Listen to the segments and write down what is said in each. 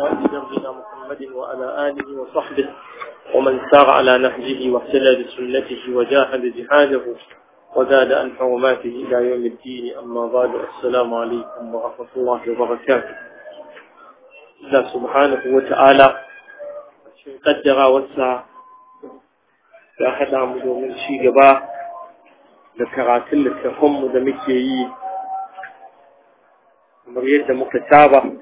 نبينا محمد وعلى آله وصحبه ومن سار على نهجه واهتدى بسنته وجاهد جهاده وزاد عن حرماته إلى يوم الدين أما بعد السلام عليكم ورحمة الله وبركاته الله سبحانه وتعالى قدر وسع يا حدا mu domin ci gaba da karatun littafanmu da muke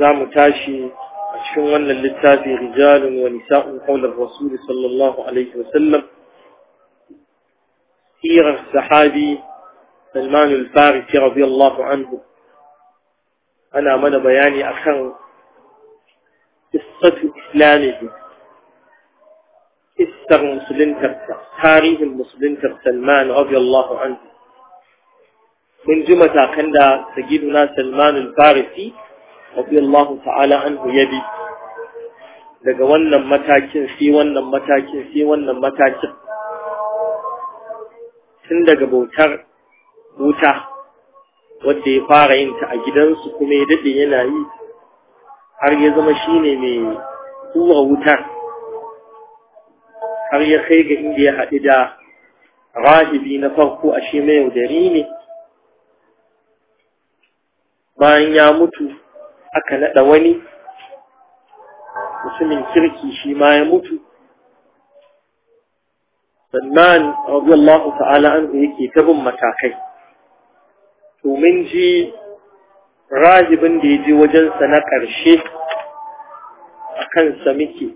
زام تاشي شو أن للتافي رجال ونساء حول الرسول صلى الله عليه وسلم سيرة الصحابي سلمان الفارسي رضي الله عنه أنا من بياني أخر قصة إسلامه إستر مسلم تاريخ المسلم سلمان رضي الله عنه من جمتا كندا سجدنا سلمان الفارسي radiyallahu ta'ala anhu bi daga wannan matakin sai wannan matakin sai wannan matakin tun daga bautar wuta wanda ya fara yin ta a gidansu kuma ya daɗe yana yi har ya zama shine mai kura wutar har ya kai ga inda ya haɗu da rahibi na farko a shi mai yaudari ne bayan ya mutu aka naɗa wani musulmin kirki shi ma ya mutu sannan radiyallahu ta'ala an yake ta bin matakai to mun ji rajibin da ya je wajensa na ƙarshe a kansa muke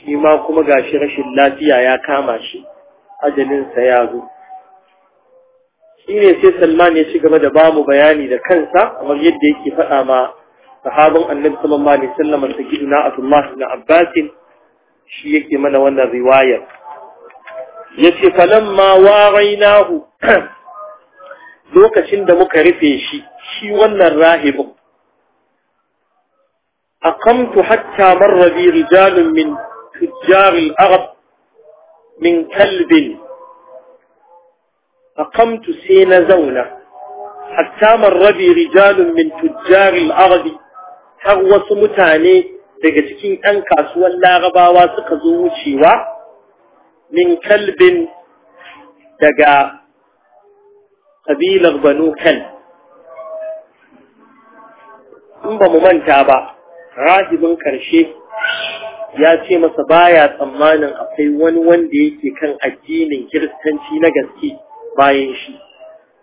shi ma kuma gashi rashin lafiya ya kama shi ajalinsa ya zo shine sai Salman ya ci gaba da bamu bayani da kansa kamar yadda yake faɗa ma sahabban Annabi sallallahu alaihi wasallam sakiduna Abdullah ibn Abbas shi yake mana wannan riwayar yace falamma warainahu lokacin da muka rufe shi shi wannan rahibu aqamtu hatta marra bi rijalun min tujjar al-arab min kalbin faqamtu sai na zauna hatta marrabi rijalun min tujjaril ardi har wasu mutane daga cikin ɗan kasuwan larabawa suka zo wucewa min kalbin daga ƙabilar banu kal in ba mu manta ba rahibin ƙarshe ya ce masa baya tsammanin akwai wani wanda yake kan addinin kiristanci na gaske bayan shi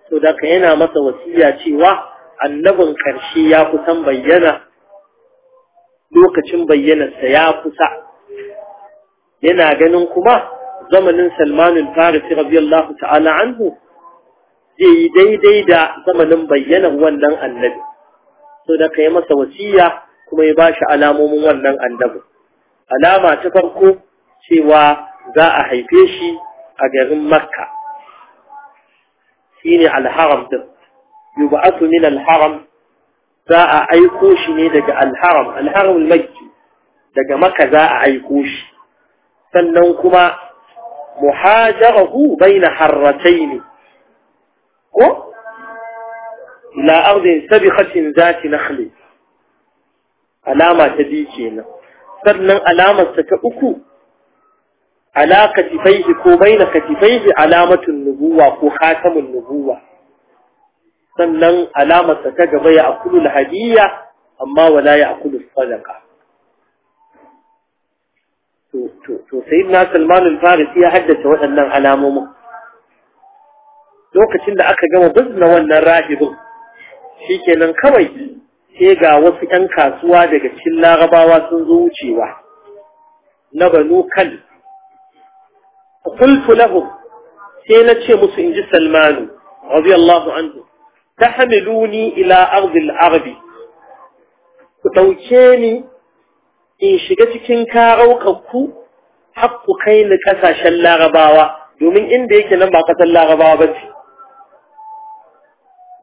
to da ka yana masa wasiya cewa annabin karshe ya kusan bayyana lokacin bayyanarsa ya kusa yana ganin kuma zamanin salmanin farisi radiyallahu ta'ala anhu zai yi daidai da zamanin bayyanar wannan annabi so da ka yi masa wasiya kuma ya bashi alamomin wannan annabi alama ta farko cewa za a haife shi a garin makka إلى الحرم يبعث من الحرم زاء أيكوش ندق الحرم الحرم المجي دق مكة زاء أيكوش فلنكما محاجره بين حرتين و لا أرض سبخة ذات نخل ألامة تديكين فلن ألامة تكأكو ala katifaihi ko baina katifaihi alamatun nubuwa ko khatamun nubuwa sannan alamar ta gaba ya akulu hadiyya amma wala ya akulu sadaka to sai na salman al-farisi ya haddace waɗannan alamomin lokacin da aka gama bizna wannan rahibin shikenan kawai sai ga wasu 'yan kasuwa daga cikin larabawa sun zo wucewa na banu kan قلت لهم مسلم مسنج سلمان رضي الله عنه تحملوني إلى أرض العربي وتوكيني إن شكتك انكارو كوكو حق كين كساش اللاغباوة يومين إن ديك نمعقة اللاغبابتي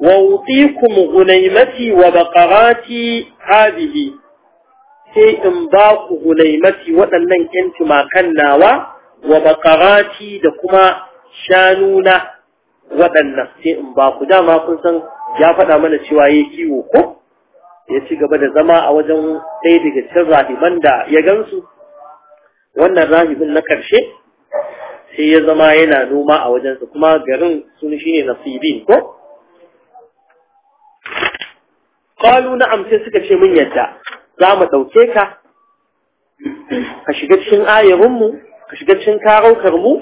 ووطيكم غنيمتي وبقراتي هذه سيئن باق غنيمتي وطلن كنت ما كان ناوى wa bakarati da kuma shanuna waɗannan sai in ba ku dama kun san ya faɗa mana cewa ya kiwo ko ya ci gaba da zama a wajen ɗaya daga cikin rahiman da ya gansu wannan rahibin na ƙarshe sai ya zama yana noma a wajensa kuma garin sun shine nasibin ko qalu na amce suka ce min yadda za mu ɗauke ka ka shiga cikin mu ka shiga cikin karaukar mu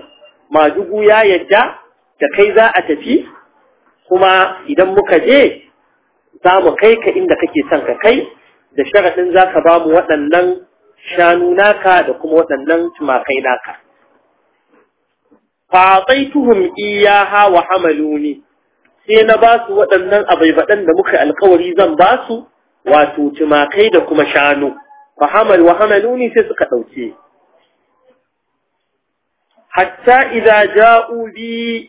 madugu ya yadda da kai za a tafi kuma idan muka je za mu kai ka inda kake son ka kai da sharaɗin za ka ba mu waɗannan shanu naka da kuma waɗannan tumakai naka. Fatsaituhum iya hawa hamaluni sai na ba su waɗannan abaibaɗan da muka alkawari zan ba su wato tumakai da kuma shanu. Fa hamal wa sai suka ɗauke. hatta idza ja'u bi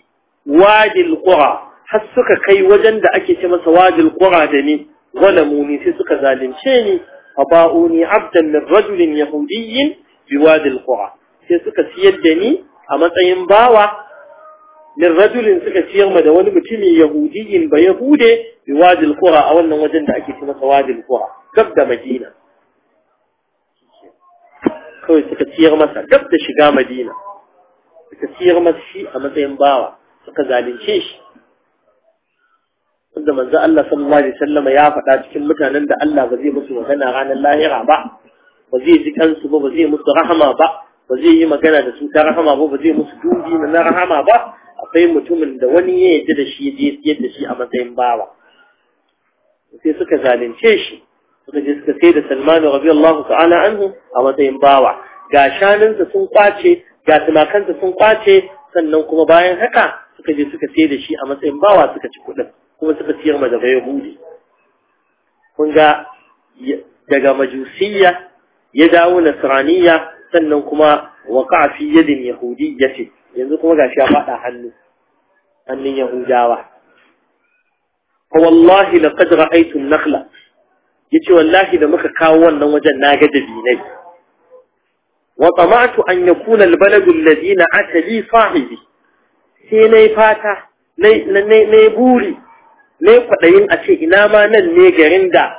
wadil qura har suka kai wajen da ake ce masa wadil qura da ni zalamu ni sai suka zalunce ni faba'uni abdan min rajulin yahudiyyin bi wadil qura sai suka siyar da ni a matsayin bawa min rajulin suka siyar ma da wani mutumin yahudiyyin ba yahude bi wadil qura a wannan wajen da ake ce masa wadil qura gab da madina kawai suka siyar masa gab da shiga madina suka siyar masa shi a matsayin bawa suka zalunce shi wanda manzo Allah sallallahu alaihi wasallam ya faɗa cikin mutanen da Allah ba zai musu magana ranar lahira ba ba zai ji kansu ba ba zai musu rahama ba ba zai yi magana da su ta rahama ba ba zai musu dubi na rahama ba akwai mutumin da wani ya yarda da shi ya siyar da shi a matsayin bawa sai suka zalunce shi suka je suka sai da Salman radiyallahu ta'ala anhu a matsayin bawa ga shanunsa sun kwace ga tumakansa sun kwace sannan kuma bayan haka suka je suka sai da shi a matsayin bawa suka ci kuɗin kuma suka siyar ma daga yahudi kun ga daga majusiyya ya dawo nasraniya sannan kuma waqa'a fi yadin yahudiyyati yanzu kuma gashi ya fada hannu hannun yahudawa fa wallahi laqad ra'aytu an-nakhla yace wallahi da muka kawo wannan wajen na naga dabinai wa tsamatu an ya kuna albalagul ladina atali sahibi sai na yi fata na yi buri na yi kwaɗayin a ce ina ma nan ne garin da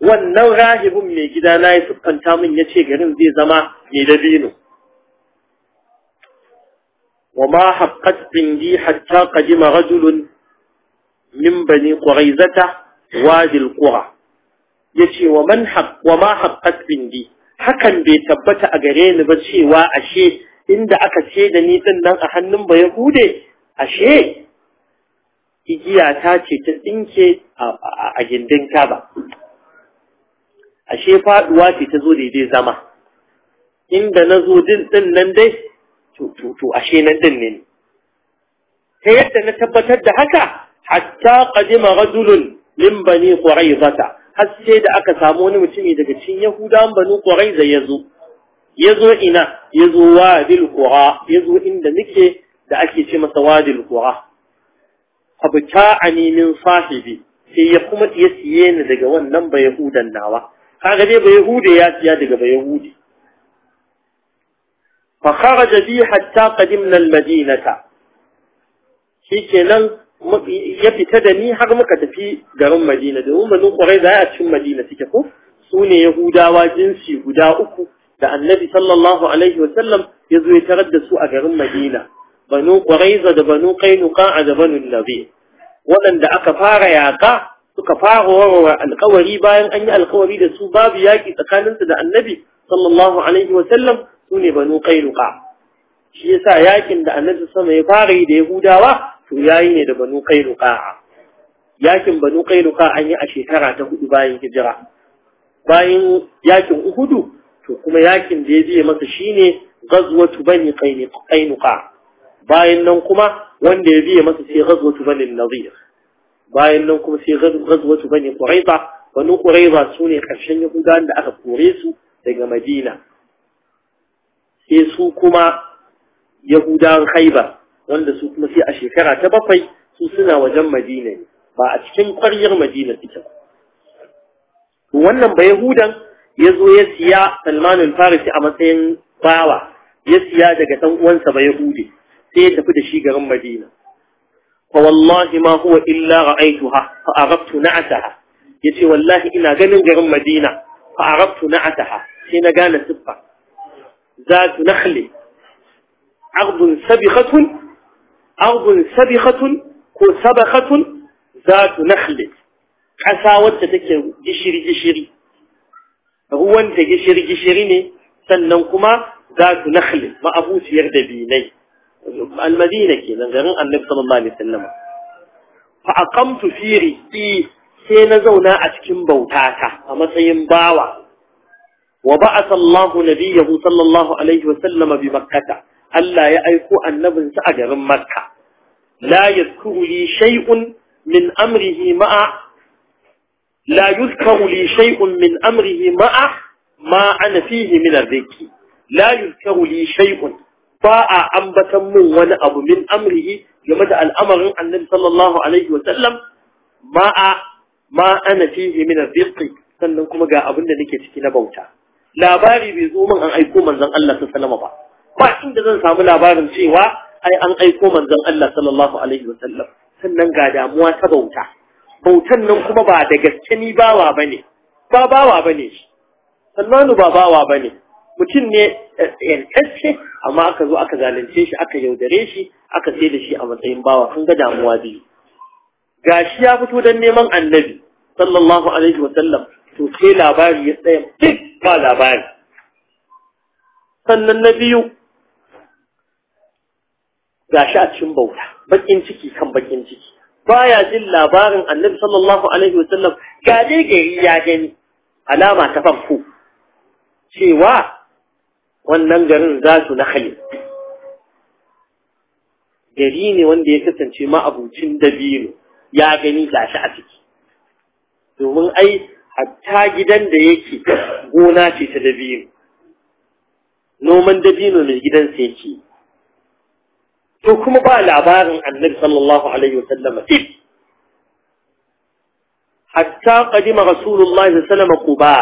wannan rahibin mai gida na yi siffanta min ya ce garin zai zama mai dabino wa ma haƙƙat bindi hatta qadima rajulun min bani quraizata wadi al-qura yace wa wa ma bindi hakan bai tabbata a gare ni ba cewa ashe inda aka ce da ni din nan a hannun ba yahude ashe igiya ta ce ta tsinke a gindin kaba ashe faduwa ce ta zo daidai zama inda na zo din din nan dai to ashe nan din ne ta yadda na tabbatar da haka hatta qadima rajulun min bani quraizata har sai da aka samu wani mutumi daga cikin yahudan banu quraiza yazo yazo ina yazo wadil qura yazo inda nake da ake ce masa wadil qura ani min sahibi sai ya kuma ya siye ni daga wannan ba yahudan nawa kaga dai ba Yahuda ya siya daga ba yahudi fa kharaja bi hatta qadimna al-madinata shikenan ya fita da ni har muka tafi garin Madina domin banu Quraiza a cikin Madina suke ko su ne Yahudawa jinsi guda uku da Annabi sallallahu alaihi wa sallam ya zo ya tarar da su a garin Madina banu Quraiza da banu Qainuqa da banu Nabi waɗanda aka fara yaƙa suka fara warware alƙawari bayan an yi alƙawari da su babu yaƙi tsakaninsu da Annabi sallallahu alaihi wa sallam su ne banu Qainuqa shi yasa yakin da Annabi sama ya fara yi da Yahudawa to yayi ne da banu qainuqa yakin banu qainuqa an yi a shekara ta hudu bayan hijira bayan yakin uhudu to kuma yakin da ya biye masa shine ghazwatu bani qainuqa bayan nan kuma wanda ya biye masa sai ghazwatu bani nadir bayan nan kuma sai ghazwatu bani quraiza banu quraiza sune karshen yahudawan da aka kore su daga madina sai su kuma yahudawan khaibar wanda su kuma sai a shekara ta bakwai su suna wajen madina ne ba a cikin ƙwaryar madina ita ba wannan ba yahudan ya zo ya siya salmanul farisi a matsayin bawa ya siya daga ɗan uwansa ba yahudi sai ya tafi da shi garin madina fa wallahi ma huwa illa ra'aituha fa arabtu na'ataha yace wallahi ina ganin garin madina fa arabtu na'ataha sai na gane siffa zatu nakhli ardun sabikhatun أرض سبخة كو سبخة ذات نخلة قساوة تتكي جشري جشري هو أنت جشري جشريني سننكما ذات نخلة ما أبوس يردبيني المدينة كينا غيران النبي صلى الله عليه وسلم فأقمت فيري في سين زونا أتكم بوتاكا أما سينباوا وبعث الله نبيه صلى الله عليه وسلم بمكة ألا يأيكو النبي سأجر مكة لا يذكر لي شيء من أمره مع لا يذكر لي شيء من أمره مع ما أنا فيه من الذكي لا يذكر لي شيء فاء أنبتم من ونأب من أمره يمد الأمر النبي صلى الله عليه وسلم مع ما أنا فيه من الذكي sannan جاء ga abin da nake ciki na bauta labari bai zo الله سلم aiko ما Allah sallallahu alaihi wasallam ba ai an aiko manzon Allah sallallahu alaihi wa sallam sannan ga damuwa ta bauta bautan nan kuma ba da gaske ni bawa bane ba bawa bane Salmanu ba bawa bane mutum ne eh, yantacce amma aka zo aka zalunce shi aka yaudare shi aka sai da shi a matsayin bawa kun ga damuwa biyu gashi ya fito dan neman annabi sallallahu alaihi wa sallam to sai labari ya tsaya duk ba labari sannan na biyu Ga shi a cikin bauta bakin ciki kan bakin ciki baya jin labarin annabi sallallahu alaihi wasallam ga dai gari ya gani alama ta farko cewa wannan garin za su na khair gari ne wanda ya kasance ma abincin dabino ya gani ga shi a ciki domin ai hatta gidan da yake gona ce ta dabino noman dabino mai gidansa yake to kuma ba labarin annabi sallallahu alaihi wa sallam id hatta qadima rasulullahi sallallahu quba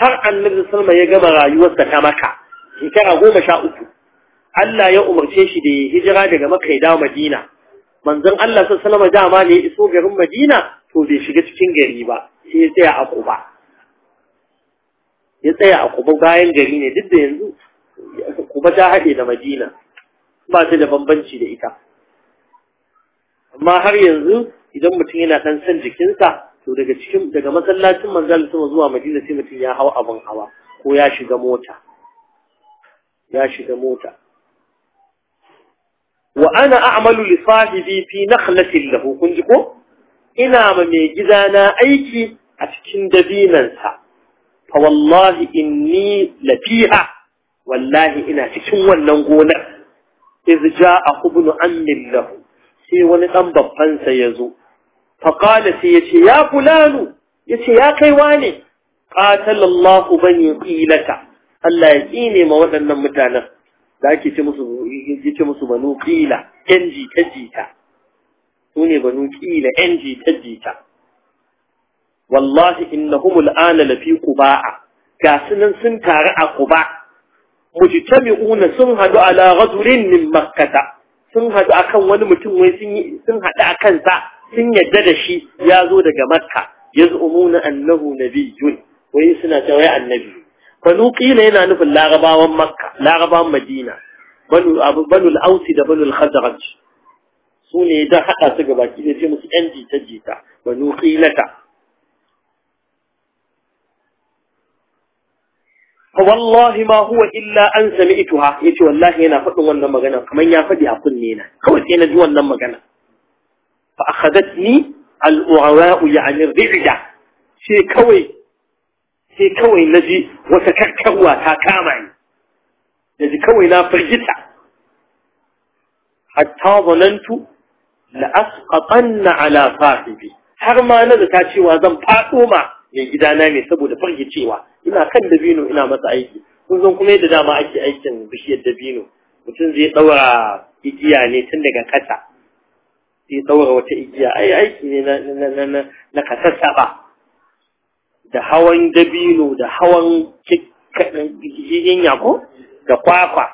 har annabi sallallahu ya gama rayuwarsa ta maka shekara goma sha uku Allah ya umarce shi da hijira daga Makka da Madina manzon Allah sallallahu alaihi dama ne iso garin Madina to bai shiga cikin gari ba sai ya tsaya a Quba ya tsaya a Quba bayan gari ne duk da yanzu Quba ta haɗe da Madina ba ta da bambanci da ita amma har yanzu idan mutum yana dan san jikinsa to daga cikin daga masallacin manzal sama zuwa madina sai mutum ya hawa abin hawa ko ya shiga mota ya shiga mota wa ana a'malu li sahibi fi nakhlatin lahu kun ji ko ina ma mai gidana aiki a cikin dabinansa fa wallahi inni lafiha wallahi ina cikin wannan gonar iz ja'a ibn ammin sai wani dan babban sa yazo fa sai yace ya fulanu yace ya kai wane qatala Allah bani qilata Allah ya tsine ma waɗannan mutanen da ake ce musu yace musu banu yan jita jita su ne banu qila yan jita jita wallahi innahum al'ana lafi quba'a ga sunan sun taru a quba'a mujtami'una sun hadu ala ghadrin min makkata sun hadu akan wani mutum wai sun sun hadu akan sa sun yadda da shi ya zo daga makka yaz'umuna annahu nabiyyun wai suna cewa ya annabi banu qila yana nufin larabawan makka larabawan madina banu banu al-ausi da banu al-khazraj su da su gabaki da ce musu yan jita jita banu qilata فوالله ما هو إلا أن سمعتها يتي والله أنا فقط وانا مغنى كمن يفدي أقنينا كويس أنا جوا وانا مغنى فأخذتني الأعواء يعني الرعدة شيء كوي شيء كوي نجي وسككوا تاكامعي نجي كوي لا حتى ظننت لأسقطن على صاحبي har ma na zata cewa mai gidana ne saboda cewa ina kan dabino ina masa aiki kun zan kuma yadda dama ake aikin bishiyar dabino mutum zai ɗaura igiya ne tun daga kasa. zai ɗaura wata igiya ai aiki ne na kasassa ba da hawan dabino da hawan jijin yako da kwakwa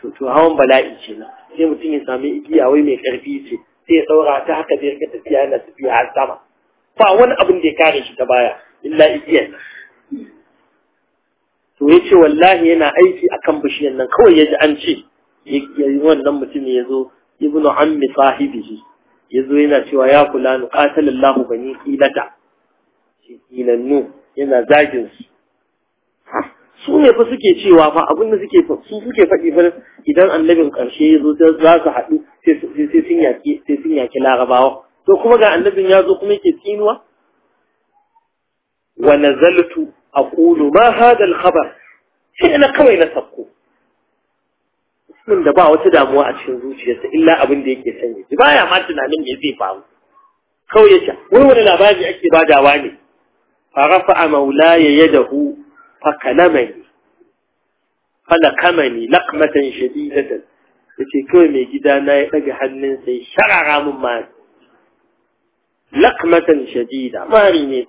to hawan bala'i ce na sai mutum ya sami igiya wai mai ƙarfi ce sai ya ɗaura ta haka zai rika tafiya na tafiya har sama ba wani abin da ya kare shi ta baya illa igiyar to ya ce wallahi yana aiki akan bishiyar nan kawai ya ji an ce wannan mutum ya zo ibnu ammi sahibihi ya zo yana cewa ya kula nu qatalallahu bani qilata qilannu yana zagin su su ne fa suke cewa fa abin da suke su suke faɗi fa idan annabin ƙarshe ya zo za su haɗu sai sun yaƙi sai sun yaƙi larabawa to kuma ga annabin ya zo kuma yake tsinuwa wa nazaltu aqulu ma hada alkhabar khabar sai ina kawai na sakko da ba wata damuwa a cikin zuciyarsa illa abin da yake sanya shi baya ma tunanin me zai faru kawai yace wani wani labari ake badawa ne fa rafa'a maulaya yadahu fa kalamani falakamani laqmatan shadidatan yace kawai mai gida na ya daga hannunsa ya sharara mun ma لقمة شديدة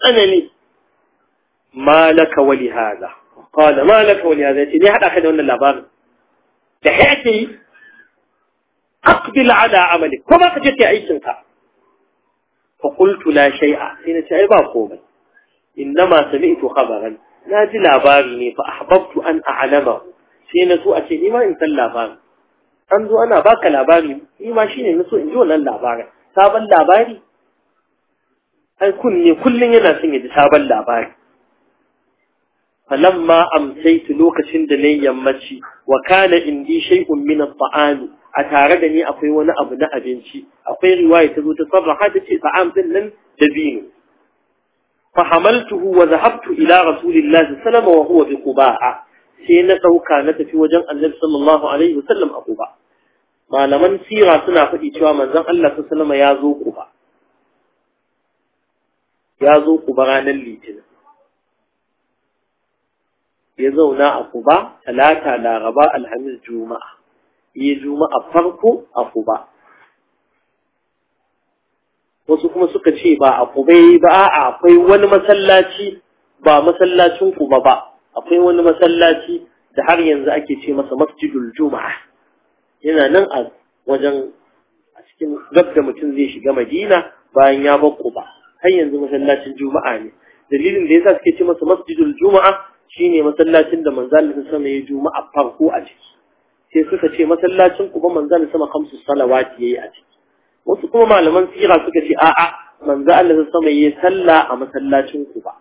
أنا لي ما لك ولهذا قال ما لك ولهذا ليه حد أخذ هنا اللابار لحياتي أقبل على عملك كما قجت عيشنك فقلت لا شيء حين تعبا قوما إنما سمعت خبرا نادي لابارني فأحببت أن أعلمه حين سوء لما إنت لا لابار أنظر أنا باك لاباري إما شيني نسوء إنجو لن لاباري لا labari ai kunne kullun yana son ya ji sabon labari falamma amsaitu lokacin da nayi yammaci wa kana indi shay'un min at-ta'am a tare da ni akwai wani abu na abinci akwai riwaya ta zo ta sarraha ta ce ta'am din nan dabino fa hamaltuhu wa dhahabtu ila rasulillahi sallallahu alaihi wa huwa bi quba'a sai na dauka na tafi wajen annabi sallallahu alaihi wasallam a quba malaman sira suna faɗi cewa manzon Allah sallallahu alaihi ya zo quba ya zo kuba ranar litinin ya zauna a kuba talata laraba alhamis juma'a ya juma'a farko a kuba wasu kuma suka ce ba a kuba ba a akwai wani masallaci ba masallacin kuba ba akwai wani masallaci da har yanzu ake ce masa masjidul juma'a yana nan a wajen a cikin gab da mutum zai shiga madina bayan ya bar kuba har yanzu masallacin juma'a ne dalilin da yasa suke ce masa masjidul juma'a shine masallacin da manzon Allah sama ya juma'a farko a ciki sai suka ce masallacin kuma manzon Allah sama kamsu salawati yayi a ciki wasu kuma malaman sira suka ce a'a manzon Allah sama yayi sallah a masallacin kuba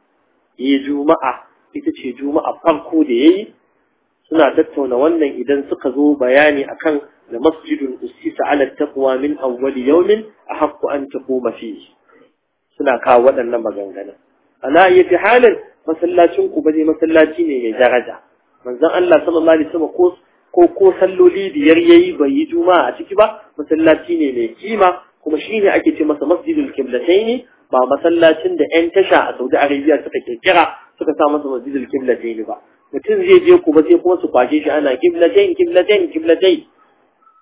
yayi juma'a ita ce juma'a farko da yayi suna tattauna wannan idan suka zo bayani akan da masjidun usisa ala taqwa min awwal yawmin ahqqu an taquma fihi suna kawo waɗannan maganganun ana iya ta halin masallacin ku baje masallaci ne mai daraja manzon Allah sallallahu alaihi wasallam ko ko ko salloli biyar yayi bai yi juma'a a ciki ba masallaci ne mai kima kuma shine ake ce masa masjidul qiblatayn ba masallacin da yan tasha a Saudi Arabia suka kirkira suka sa masa masjidul qiblatayn ba mutum zai je ku ba sai kuma su kwashe shi ana qiblatayn qiblatayn qiblatayn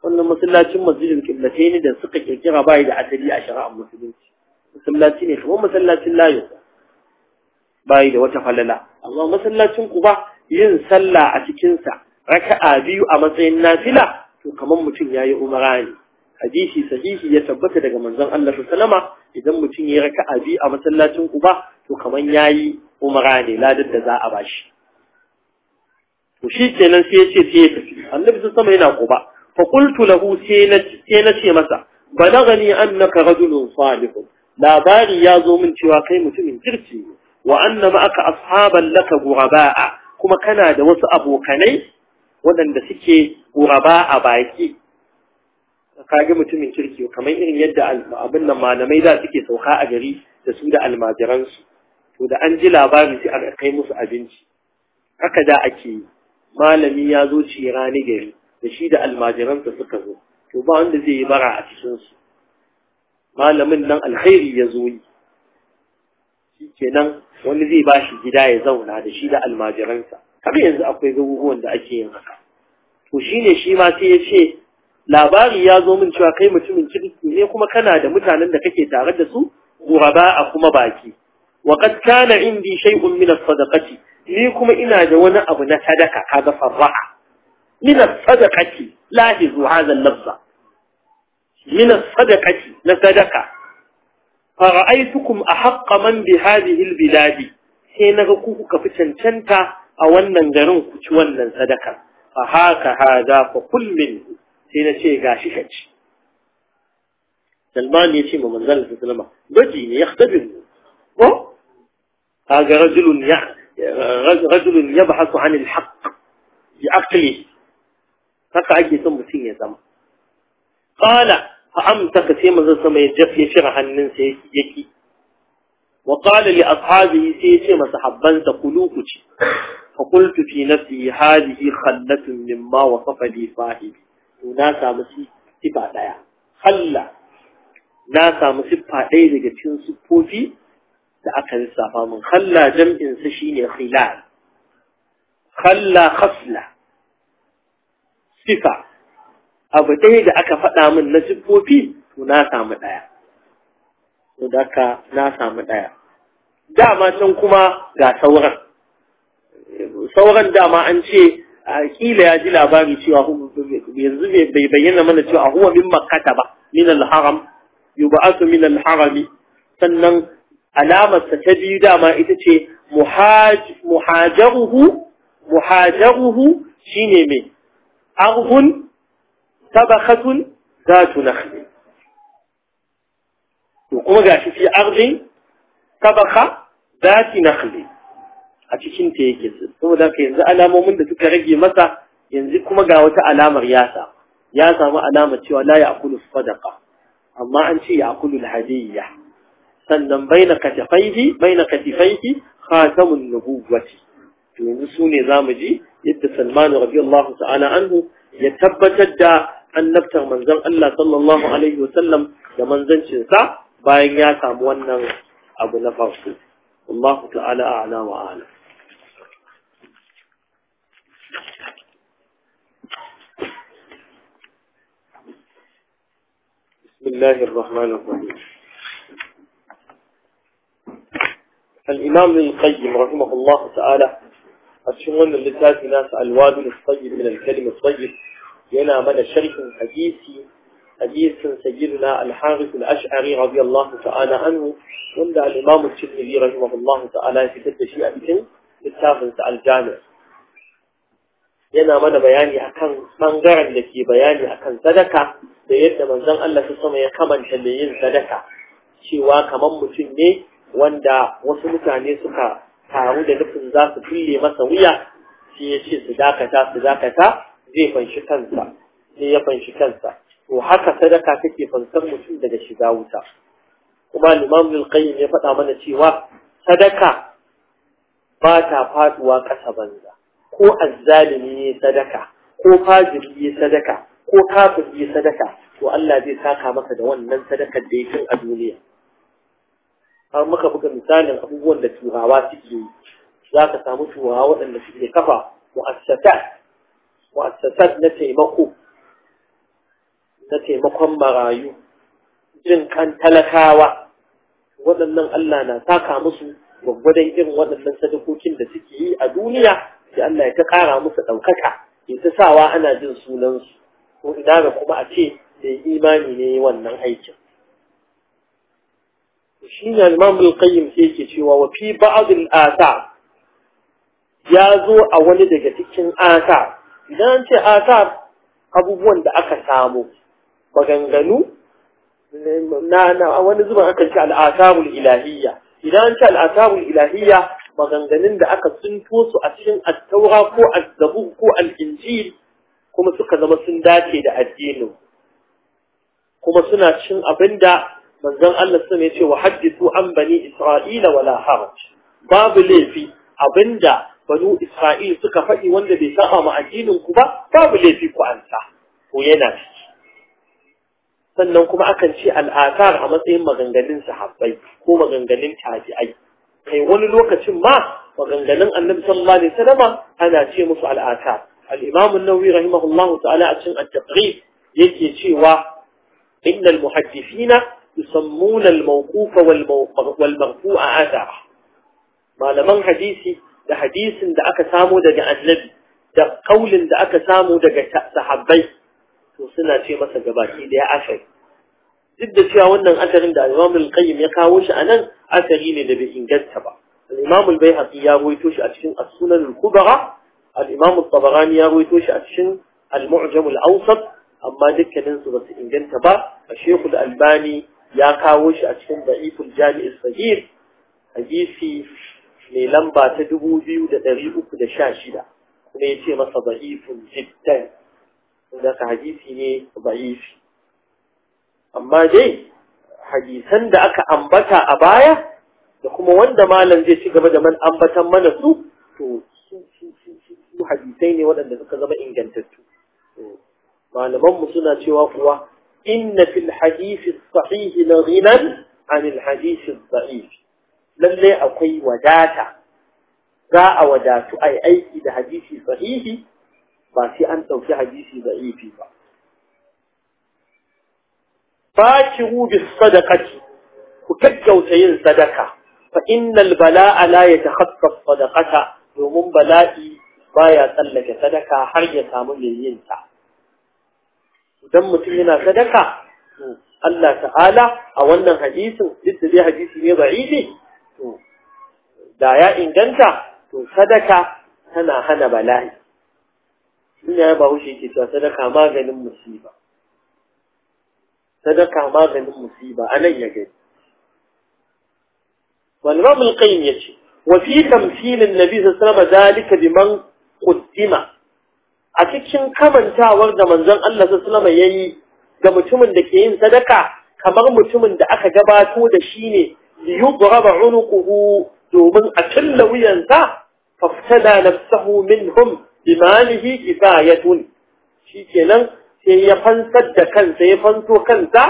wannan masallacin masjidul qiblatayn da suka kirkira bai da asali a shari'ar musulunci masallaci ne kamar masallacin layo bayi da wata falala amma masallacin ku ba yin sallah a cikinsa raka'a biyu a matsayin nafila to kamar mutum ya yi umara ne hadisi sahihi ya tabbata daga manzon Allah sallama idan mutum ya raka'a biyu a masallacin ku ba to kamar ya yi umara ne ladar da za a bashi to shi kenan sai ya ce sai ya tafi annabi sun sama yana ba fa qultu lahu sai na ce masa balagani annaka rajulun salihun labari ya zo min cewa kai mutumin kirki wa anna aka ashaban laka ghuraba'a kuma kana da wasu abokanai waɗanda suke ghuraba a baki kage mutumin kirki kamar irin yadda abin nan malamai da suke sauka a gari da su da almajiransu to da an ji labari sai aka kai musu abinci haka da ake malami ya zo ci rani gari da shi da almajiransa suka zo to ba wanda zai yi bara a cikinsu malamin nan alheri ya zo yi shi kenan wani zai ba shi gida ya zauna da shi da almajiransa har yanzu akwai garuruwan da ake yin haka to shi ne shi ma sai ya ce labari ya zo min cewa kai mutumin kirki ne kuma kana da mutanen da kake tare da su guraba a kuma baki wa qad kana indi shay'un min as-sadaqati ni kuma ina da wani abu na sadaka kaga farra'a min as-sadaqati lahi zu hadha al-lafza min sadaqati na sadaka fara'aitukum ahaqqa man bi hadhihi albiladi sai naga ku kuka fi cancanta a wannan garin ku ci wannan sadaka fa haka hada fa kullin sai na ce gashi ka ci Salman ya ce ma manzon sallama baji ne yakhtabir ko kaga rajulun ya rajulun yabhasu 'an alhaq bi aqlihi haka ake son mutum ya zama قال فأمسك سيما زلسما يجف يشغح الننس يكي وقال لأصحابه سيما سحبنت قلوكك فقلت في نفسي هذه خلة مما وصف لي فاهب وناسا مسيبا دايا خلة ناسا مسيبا دايا لكتين سبوتي لأكل السفام خلة جمع سشين خلال خلة خصلة سفا abu ɗaya da aka faɗa min na siffofi to na samu ɗaya to da na samu ɗaya dama can kuma ga sauran sauran dama an ce Al-ƙila ya ji labari cewa yanzu bai bayyana mana cewa huwa min makkata ba min al-haram asu min al-harami sannan alamar sa ta biyu dama ita ce muhajaruhu muhajaruhu shine mai arhun طبخة ذات نخل وقوم قاشي في أرض طبخة ذات نخل أتي شنتي يجز ثم ذاك ينزع ألامه من ذلك رجي مسا ينزع كما قاوت ألام رياسة رياسة ما ألامة شوى لا يأكل الصدقة أما أن شيء يأكل الهدية سنن بين كتفيه بين كتفيه خاتم النبوة ينزع سوني زامجي يد سلمان رضي الله تعالى عنه يتبتد annabtar manzon Allah sallallahu alaihi wasallam da manzancin sa bayan ya samu wannan abu na farko Allah ta'ala a'la wa a'la بسم الله الرحمن الرحيم الإمام ابن القيم رحمه الله تعالى أشهر أن اللتات ناس الواد الطيب من الكلم الطيب yana mana sharhin hadisi hadisin sayyidina al-harith al-ash'ari radiyallahu ta'ala anhu wanda al-imam at-tirmidhi rahimahullahu ta'ala ya fitar da shi a cikin littafin sa al-jami' yana mana bayani akan bangaren da ke bayani akan sadaka da yadda manzon Allah ta sama ya kamanta da yin sadaka cewa kaman mutum ne wanda wasu mutane suka taru da nufin za su fille masa wuya sai ya ce su dakata su dakata zai fanshi kansa sai ya fanshi kansa to haka sadaka take fansar mutum daga shiga wuta kuma Imam Al-Qayyim ya faɗa mana cewa sadaka ba ta faduwa ƙasa banza ko azzalimi ne sadaka ko fajiri ne sadaka ko kafir ne sadaka to Allah zai saka maka da wannan sadakar da yake a duniya har muka buga misalin abubuwan da turawa suke yi za ka samu turawa waɗanda suke kafa wa asata mu'assasat na taimako na taimakon marayu jin kan talakawa waɗannan Allah na saka musu gwaggwadon irin waɗannan sadakokin da suke yi a duniya da Allah ya ta ƙara musu ɗaukaka ya ta sawa ana jin sunansu ko ina ga kuma a ce sai imani ne wannan aikin shi ne al-imam al sai yake cewa wa fi ba'd asa ya zo a wani daga cikin asa idan ce asar abubuwan da aka samu maganganu na na wani zuba aka ce al'asarul ilahiyya idan an ce al'asarul ilahiyya maganganun da aka tsinto su a cikin attaura ko azzabu ko al-injil kuma suka zama sun dace da addinin kuma suna cin abinda manzon Allah sun ya ce wa haddithu an bani isra'ila wala haraj babu laifi abinda banu Isra'il suka faɗi wanda bai saba ma addinin ku ba babu laifi ku ansa ko yana ciki sannan kuma akan ce al'asar a matsayin maganganun sahabbai ko maganganun tabi'ai kai wani lokacin ma maganganun annabi sallallahu alaihi ana ce musu al'asar al-imam an-nawawi rahimahullahu ta'ala a cikin at-taqrib yake cewa innal muhaddithina yusammuna al-mawqufa wal-marfu'a malaman hadisi da hadisin da aka samu daga annabi da kaulin da aka samu daga sahabbai to suna ce masa gabaki da ya ashari duk da cewa wannan asarin da Imam al-Qayyim ya kawo shi anan asari ne da bai inganta ba al-Imam al bayhaqi ya ruwaito shi a cikin As-Sunan al-Kubra al-Imam al-Tabarani ya ruwaito shi a cikin al-Mu'jam al-Awsat amma dukkanin su ba su inganta ba Sheikh al-Albani ya kawo shi a cikin Da'if al-Jami' al-Sahih hadisi mai lamba ta dubu biyu da ɗari uku da sha shida kuma ya ce masa ba'ifun jiddan da ka hadisi ne ba'ifi amma dai hadisan da aka ambata a baya da kuma wanda malam zai ci gaba da man ambatan mana su to su hadisai ne waɗanda suka zama ingantattu malamanmu suna cewa kuwa inna fil hadisi sahihi la ghinan anil hadisi dha'if lalle akwai wadata ga a wadatu ai aiki da hadisi sahihi ba sai an dauki hadisi da ifi ba fakiru bis sadaqati ku gaggauta yin sadaka fa innal bala'a la yatakhaffaf sadaqata domin bala'i baya tsallake sadaka har ya samu mai yin ta idan mutum yana sadaka Allah ta'ala a wannan hadisin duk da hadisi ne ba'idi to da ya inganta to sadaka tana hana bala'i ina ya bahaushe ke cewa sadaka maganin musiba sadaka maganin musiba a nan ya gani والإمام القيم يجي وفي تمثيل النبي صلى الله عليه وسلم ذلك بمن قدم أكيد كمن تاور ده من زن الله صلى الله عليه وسلم يي mutumin da ke yin sadaka kamar mutumin da aka gabato da shi ne ليضرب عنقه دومن أكل وينزع فافتدى نفسه منهم بماله sai ya سيفن da kansa ya تو kansa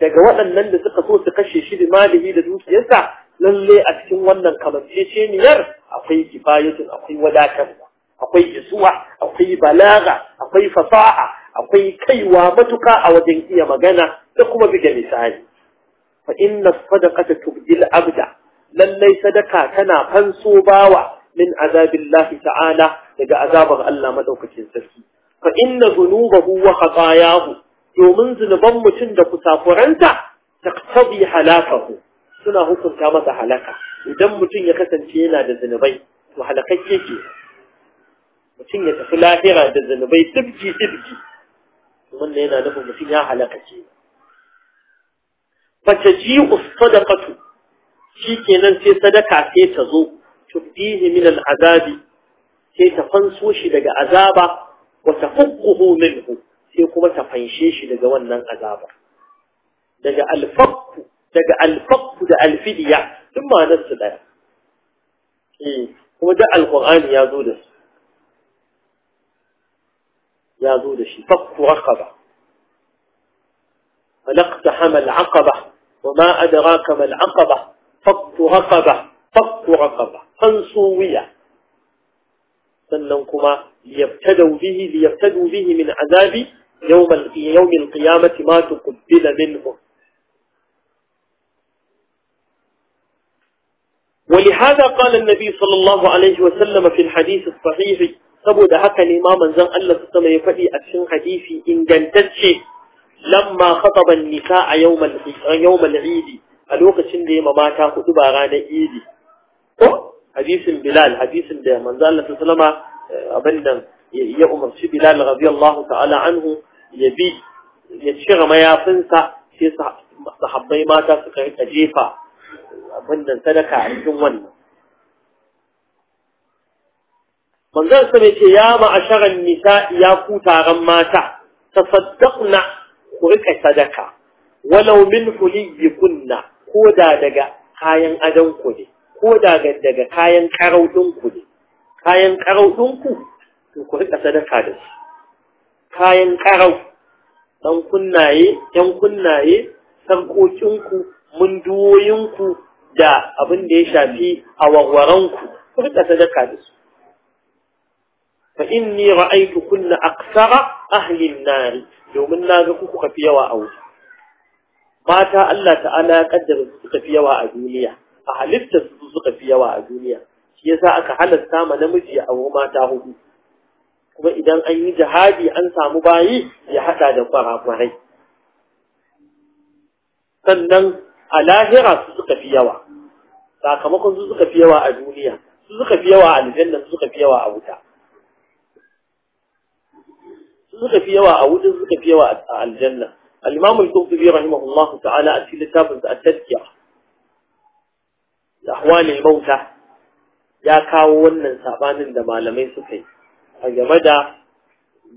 daga waɗannan da suka so su kashe shi da da dukiyarsa lallai a cikin wannan kamanceceniyar akwai kifayatun akwai wadatarwa akwai isuwa akwai balaga akwai fasaha akwai kaiwa matuka a wajen iya magana da kuma buga misali فإن الصدقة تبدي العبد لن ليس دكا كنا فانسوباوا من عذاب الله تعالى لقى عذاب الله مدوك تنسكي فإن ذنوبه وخطاياه يومن ذنبم تندك سافرنت تقتضي حلاكه سنة هكم كامت حلاكة يدم تنك سنتينا ذنبي وحلقك يجي وتنك تفلاهرة ذنبي تبجي تبجي ومن لنا نفهم فيها حلاكة جينا فتجيء الصدقة في كنان في صدقة في تزو تبديه من العذاب في تفنسوش لغا عذاب وتفقه منه في كما تفنشيش لغا ونن عذاب لغا الفق لغا الفق دا الفدية ثم نفس إيه. ده kuma da القرآن يا zo da su ya zo da shi fakku وما أدراك ما العقبة فك رقبة فك رقبة فانصوية سننكما ليبتدوا به ليبتدوا به من عذاب يوم يوم القيامة ما تقبل منهم ولهذا قال النبي صلى الله عليه وسلم في الحديث الصحيح saboda haka ne ma manzon Allah su sama ya faɗi a cikin hadisi lamma khataba an-nisaa yawm al eid a lokacin da ya mata hudu ba ranar idi ko hadisin bilal hadisin da manzo Allah sallama eh, abin nan ya umarci bilal radiyallahu ta'ala anhu ya bi ya cire mayafinsa sai sahabbai mata suka rika jefa eh, abin sadaka a cikin wannan manzon ya ce ya ma'asharan nisa ya ku taron mata tasaddaqna ku rika sadaka walau min kunna ko da daga kayan adon ku ne ko da daga kayan karau ku ne kayan karau ku to ku rika sadaka da su kayan karau dan kunnaye yan kunnaye sarkokin ku munduwoyin ku da abin da ya shafi awarwaran ku ku rika sadaka da su fa inni ra'aytu kunna aksara ahli an-nar domin naga ga kuka fi yawa a wuta mata Allah ta'ala ya kaddara su suka fi yawa a duniya a halittar su suka fi yawa a duniya shi yasa aka halasta ma namiji ya auri mata hudu kuma idan an yi jihadi an samu bayi ya hada da kwarakwarai sannan a lahira su suka fi yawa sakamakon su suka fi yawa a duniya su suka fi yawa a aljanna su suka fi yawa a wuta suka fi yawa a wuta suka fi yawa a aljanna al-imam al-qurtubi rahimahullahu ta'ala a cikin littafin sa at-tazkiya da al-mauta ya kawo wannan sabanin da malamai suka yi a game da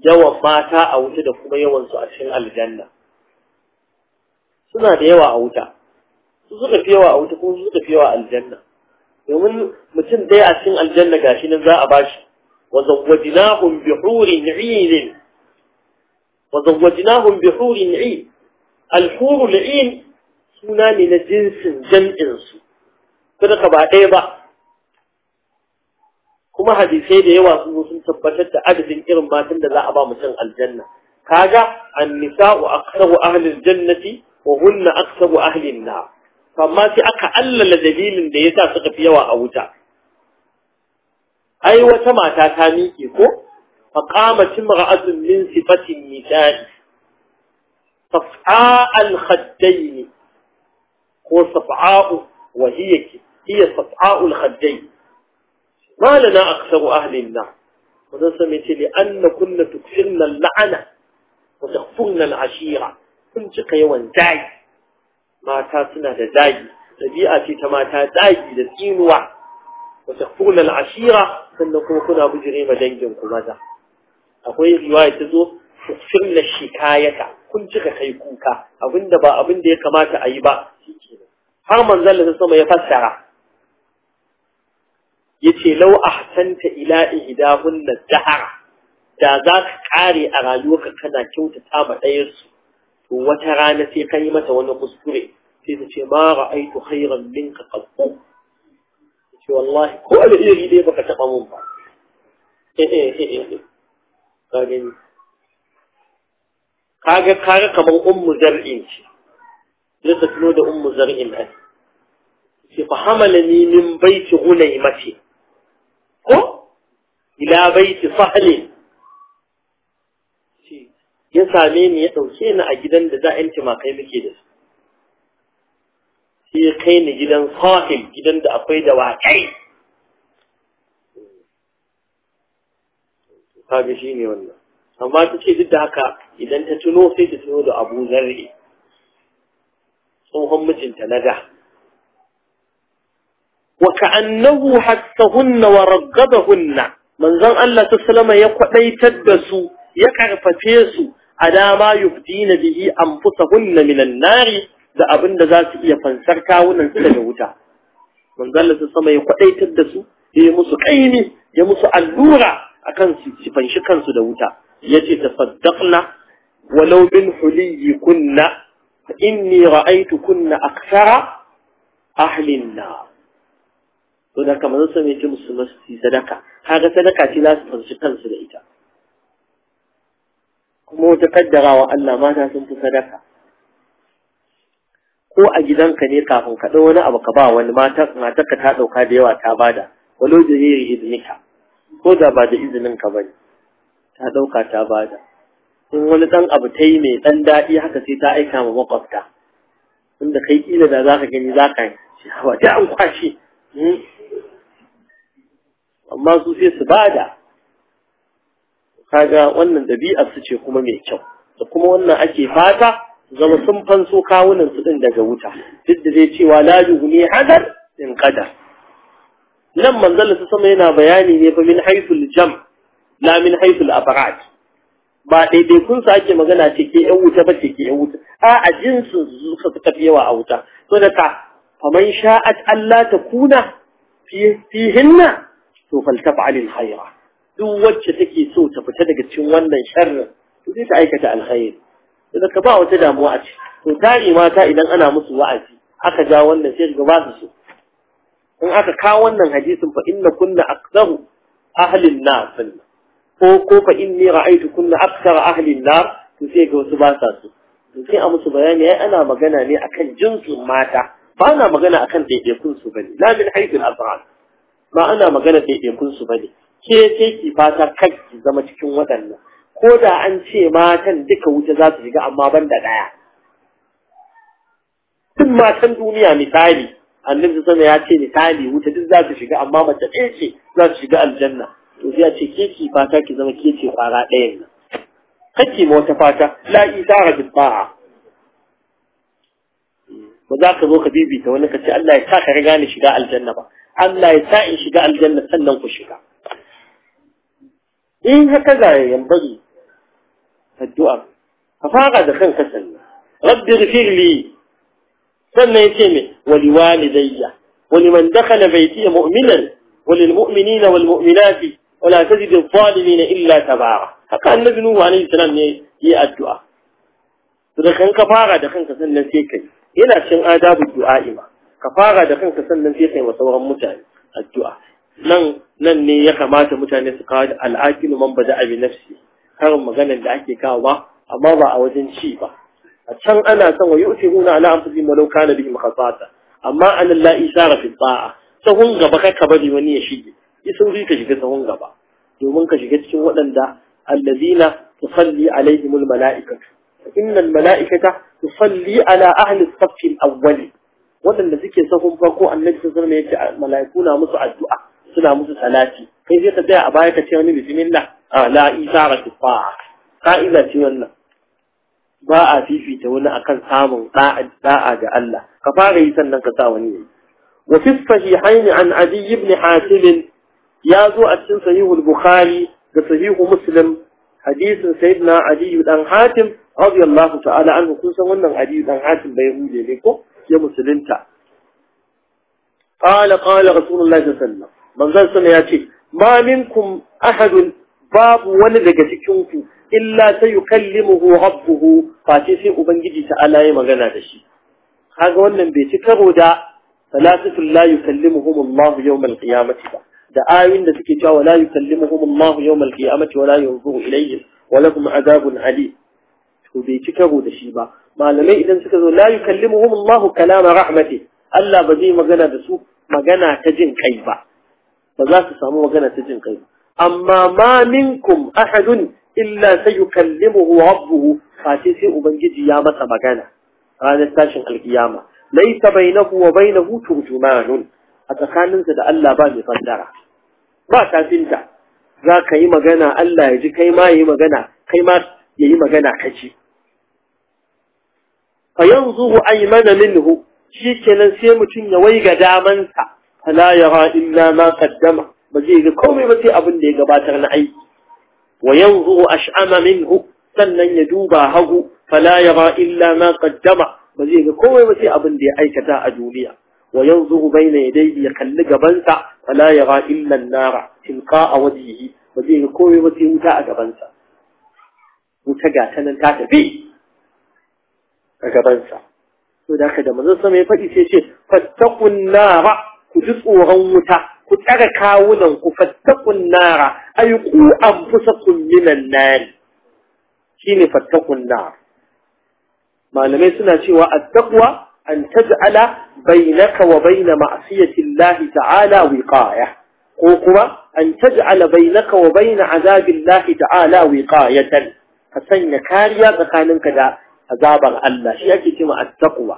yawan mata a wuta da kuma yawan su a cikin aljanna suna da yawa a wuta su suka fi yawa a wuta kuma su suka fi yawa a aljanna domin mutum dai a cikin aljanna gashi nan za a bashi wa zawwajnahum bi hurin 'inin وزوجناهم بحور عين الحور العين suna ne na jinsin jam'insu, sadaka ba ɗaya ba, kuma hadisai da yawa sun sun tabbatar da adadin irin matan da za a ba mutum aljanna. Kaga an nisa'u aksaru ahlil jannati wa hunna aksaru ahlin na, amma sai aka allala dalilin da ya sa suka fi yawa a wuta. Ai wata mata ta miƙe ko? فقامت امرأة من صفة النساء صفعاء الخدين هو صفعاء وهي هي صفعاء الخدين ما لنا أكثر أهل النار ونسمت لأن كنا تكثرنا اللعنة وتغفرنا العشيرة كنت قيوان زاي ما تاسنا زاي نبيئة تما تزاي لسينوا وتغفرنا العشيرة كنا كنا بجريم دنجم كماذا akwai riwaya ta zo firna shikayata kun cika kai kuka abinda ba abinda ya kamata a yi ba har manzon Allah sama ya fassara yace law ahsanta ila ihdahun dahara da za ka kare a rayuwarka kana kyautata ba ɗayar su to wata rana sai ka yi mata wani kuskure sai ta ce ma ra'aitu khairan minka qattu ce wallahi ko da iri dai baka taba mun ba eh eh eh, eh, eh. gani kaga kaga kamar ummu zar'in ce ya tuno da ummu zar'in ai ce fa ni min baiti mace, ko ila baiti sahlin ya same ni ya ɗauke ni a gidan da za yanci makai muke da su sai ya kai ni gidan sahil gidan da akwai da waƙai kaga shi ne wannan amma ta ce duk da haka idan ta tuno sai ta tuno da abu zarri tsohon mijinta na da wa ka'annahu hassahunna wa raggabahunna manzon Allah ta salama ya kwadaitar da su ya karfafe su a dama yubdina bihi anfusahunna minan nari da abin da za su iya fansar kawunan su daga wuta manzon Allah ta sama ya kwadaitar da su ya musu kaini ya musu allura akan sifan shi kansu da wuta yace tasaddaqna walau bin huliyi kunna inni ra'aytu kunna akthara ahli na to da kamar sun yace musulmai su sadaka kaga sadaka ce za su fanshi kansu da ita kuma wata kaddarawa Allah mata sun fi sadaka ko a gidanka ne kafin ka wani abu ka ba wani matar ka ta ɗauka da yawa ta bada walau da zai yi ko da ba da izinin ka bane ta ɗauka ta bada in wani ɗan abu ta yi mai ɗan daɗi haka sai ta aika ma makwabta inda kai ƙila da za ka gani za ka yi hawa ta an kwashe hmm? amma su sai su bada kaga wannan ɗabi'ar su ce kuma mai kyau da kuma wannan ake fata zama sun fanso kawunan su ɗin daga wuta duk da zai cewa la ne hadar in kada nan manzon sa sama yana bayani ne fa min haythul jam la min haythul afrad ba daidai kun sa ake magana ce ke yan wuta ba ce ke yan wuta a a jinsin su suka fi yawa a wuta so da ka faman sha'at Allah ta kuna fihinna to faltafa'al alkhayra duk wacce take so ta fita daga cikin wannan sharrin to sai ta aikata alkhairi da ka ba wata damuwa a ciki to tari mata idan ana musu wa'azi aka ja wannan sai ga ba su so in aka kawo wannan hadisin fa inna kunna aktsaru ahli an-nar ko ko fa inni ra'aytu kunna aktsara ahli an-nar to sai ga wasu ba sa su to sai a musu bayani ai ana magana ne akan jinsin mata ba ana magana akan daidaikun su bane la min haythu al ba ana magana daidaikun su bane ke ce ki fata kai ki zama cikin waɗannan ko da an ce matan duka wuta za su shiga amma ban da ɗaya. matan duniya misali annabi sama ya ce misali wuta duk za su shiga amma mace ɗaya ce za su shiga aljanna to sai ya ce ke ki fata ki zama ke ce fara ɗayan nan kake ma wata fata la isara bil ba'a ba za ka zo ka bibita wani ka ce Allah ya sa ka riga ni shiga aljanna ba Allah ya sa in shiga aljanna sannan ku shiga in haka ga yambari addu'a ka fara da kanka sannan rabbi ghfirli sannan ya ce me wali walidayya wali man dakhala baiti mu'minan walil mu'minina wal mu'minati wala tajid adh-dhalimina illa tabara haka annabi nuhu alaihi salam ne yi addu'a to da kanka fara da kanka sannan sai kai yana cin adabu du'a'i ma ka fara da kanka sannan sai kai wa sauran mutane addu'a nan nan ne ya kamata mutane su kawo da al'aqilu man bada abi nafsi karin maganar da ake kawo ba amma ba a wajen ci ba a can ana son wa yu'thiruna ala anfusihim walau kana bihim khasasa amma anan la isara fi ta'a sahun gaba ka ka bari wani ya shige yi sauri ka shiga sahun gaba domin ka shiga cikin waɗanda allazina tusalli alaihimul mala'ikatu innal mala'ikata tusalli ala ahli as-saffil awwali waɗanda suke sahun farko annabi sallallahu alaihi wasallam yace mala'iku na musu addu'a suna musu salati kai zai ka tsaya a baya ka ce wani bismillah a la isara fi ta'a ka'ida ce wannan ba a fifita wani akan samun da'a ga Allah ka fara yi sannan ka sa wani wa fi sahihaini an adi ibn hatim ya zo a cikin sahihul bukhari da sahihu muslim hadisin sayyidina adi dan hatim radiyallahu ta'ala anhu kun san wannan adi dan hatim bai hude ne ko ya musulunta qala qala rasulullahi sallallahu alaihi wasallam manzon ya ce ma minkum ahadun babu wani daga cikin ku إلا سيكلمه ربه فاتسي أبنجي تعالى مغانا دشي هذا هو النبي تكره دا لا يكلمهم الله يوم القيامة دا, دا آيوين نسكي جاء ولا يكلمهم الله يوم القيامة ولا ينظر إليهم ولهم عذاب عليم وبي تكره دشي ما لم يئذن سكره لا يكلمهم الله كلام رحمته ألا بذي مغانا دسو مغانا تجن كيبا فلاسف سامو مغانا تجن كيبا أما ما منكم أحد إلا سيكلمه ربه خاتيس أبنجد يا مسا مغانا هذا التاشن القيامة ليس بينه وبينه ترجمان أتخانن سيدا ألا باني صدرا ما ذا ذاك يمغانا ألا يجي كيما يمغانا كيما يمغانا كجي فينظر أيمن منه شيء كنن سيمتين يويغ دامنسا فلا يرى إلا ما قدمه ba zai ga أبن ba sai abin وينظر أشأم منه سنن يدوبا هو فلا يرى إلا ما قد جمع بزيه كوي وسي أبن دي أي كتاء جوليا وينظر بين يديه يكلق بنسع فلا يرى إلا النار تلقاء وديه بزيه كوي وسي متاء جبنسع متقى سنن تاتبي جبنسع وذاك دم الرسم يفئي فاتقوا النار كجزء غوتا ku tsare kawunan ku fattakun nara ay ku anfusakum minan nar shine fattakun nar malamai suna cewa at-taqwa an taj'ala bainaka wa bain ma'siyati Allah ta'ala wiqaya ko kuma an taj'ala bainaka wa bain azabi Allah ta'ala wiqayatan ka sanya kariya tsakaninka da azabar Allah shi ake cewa at-taqwa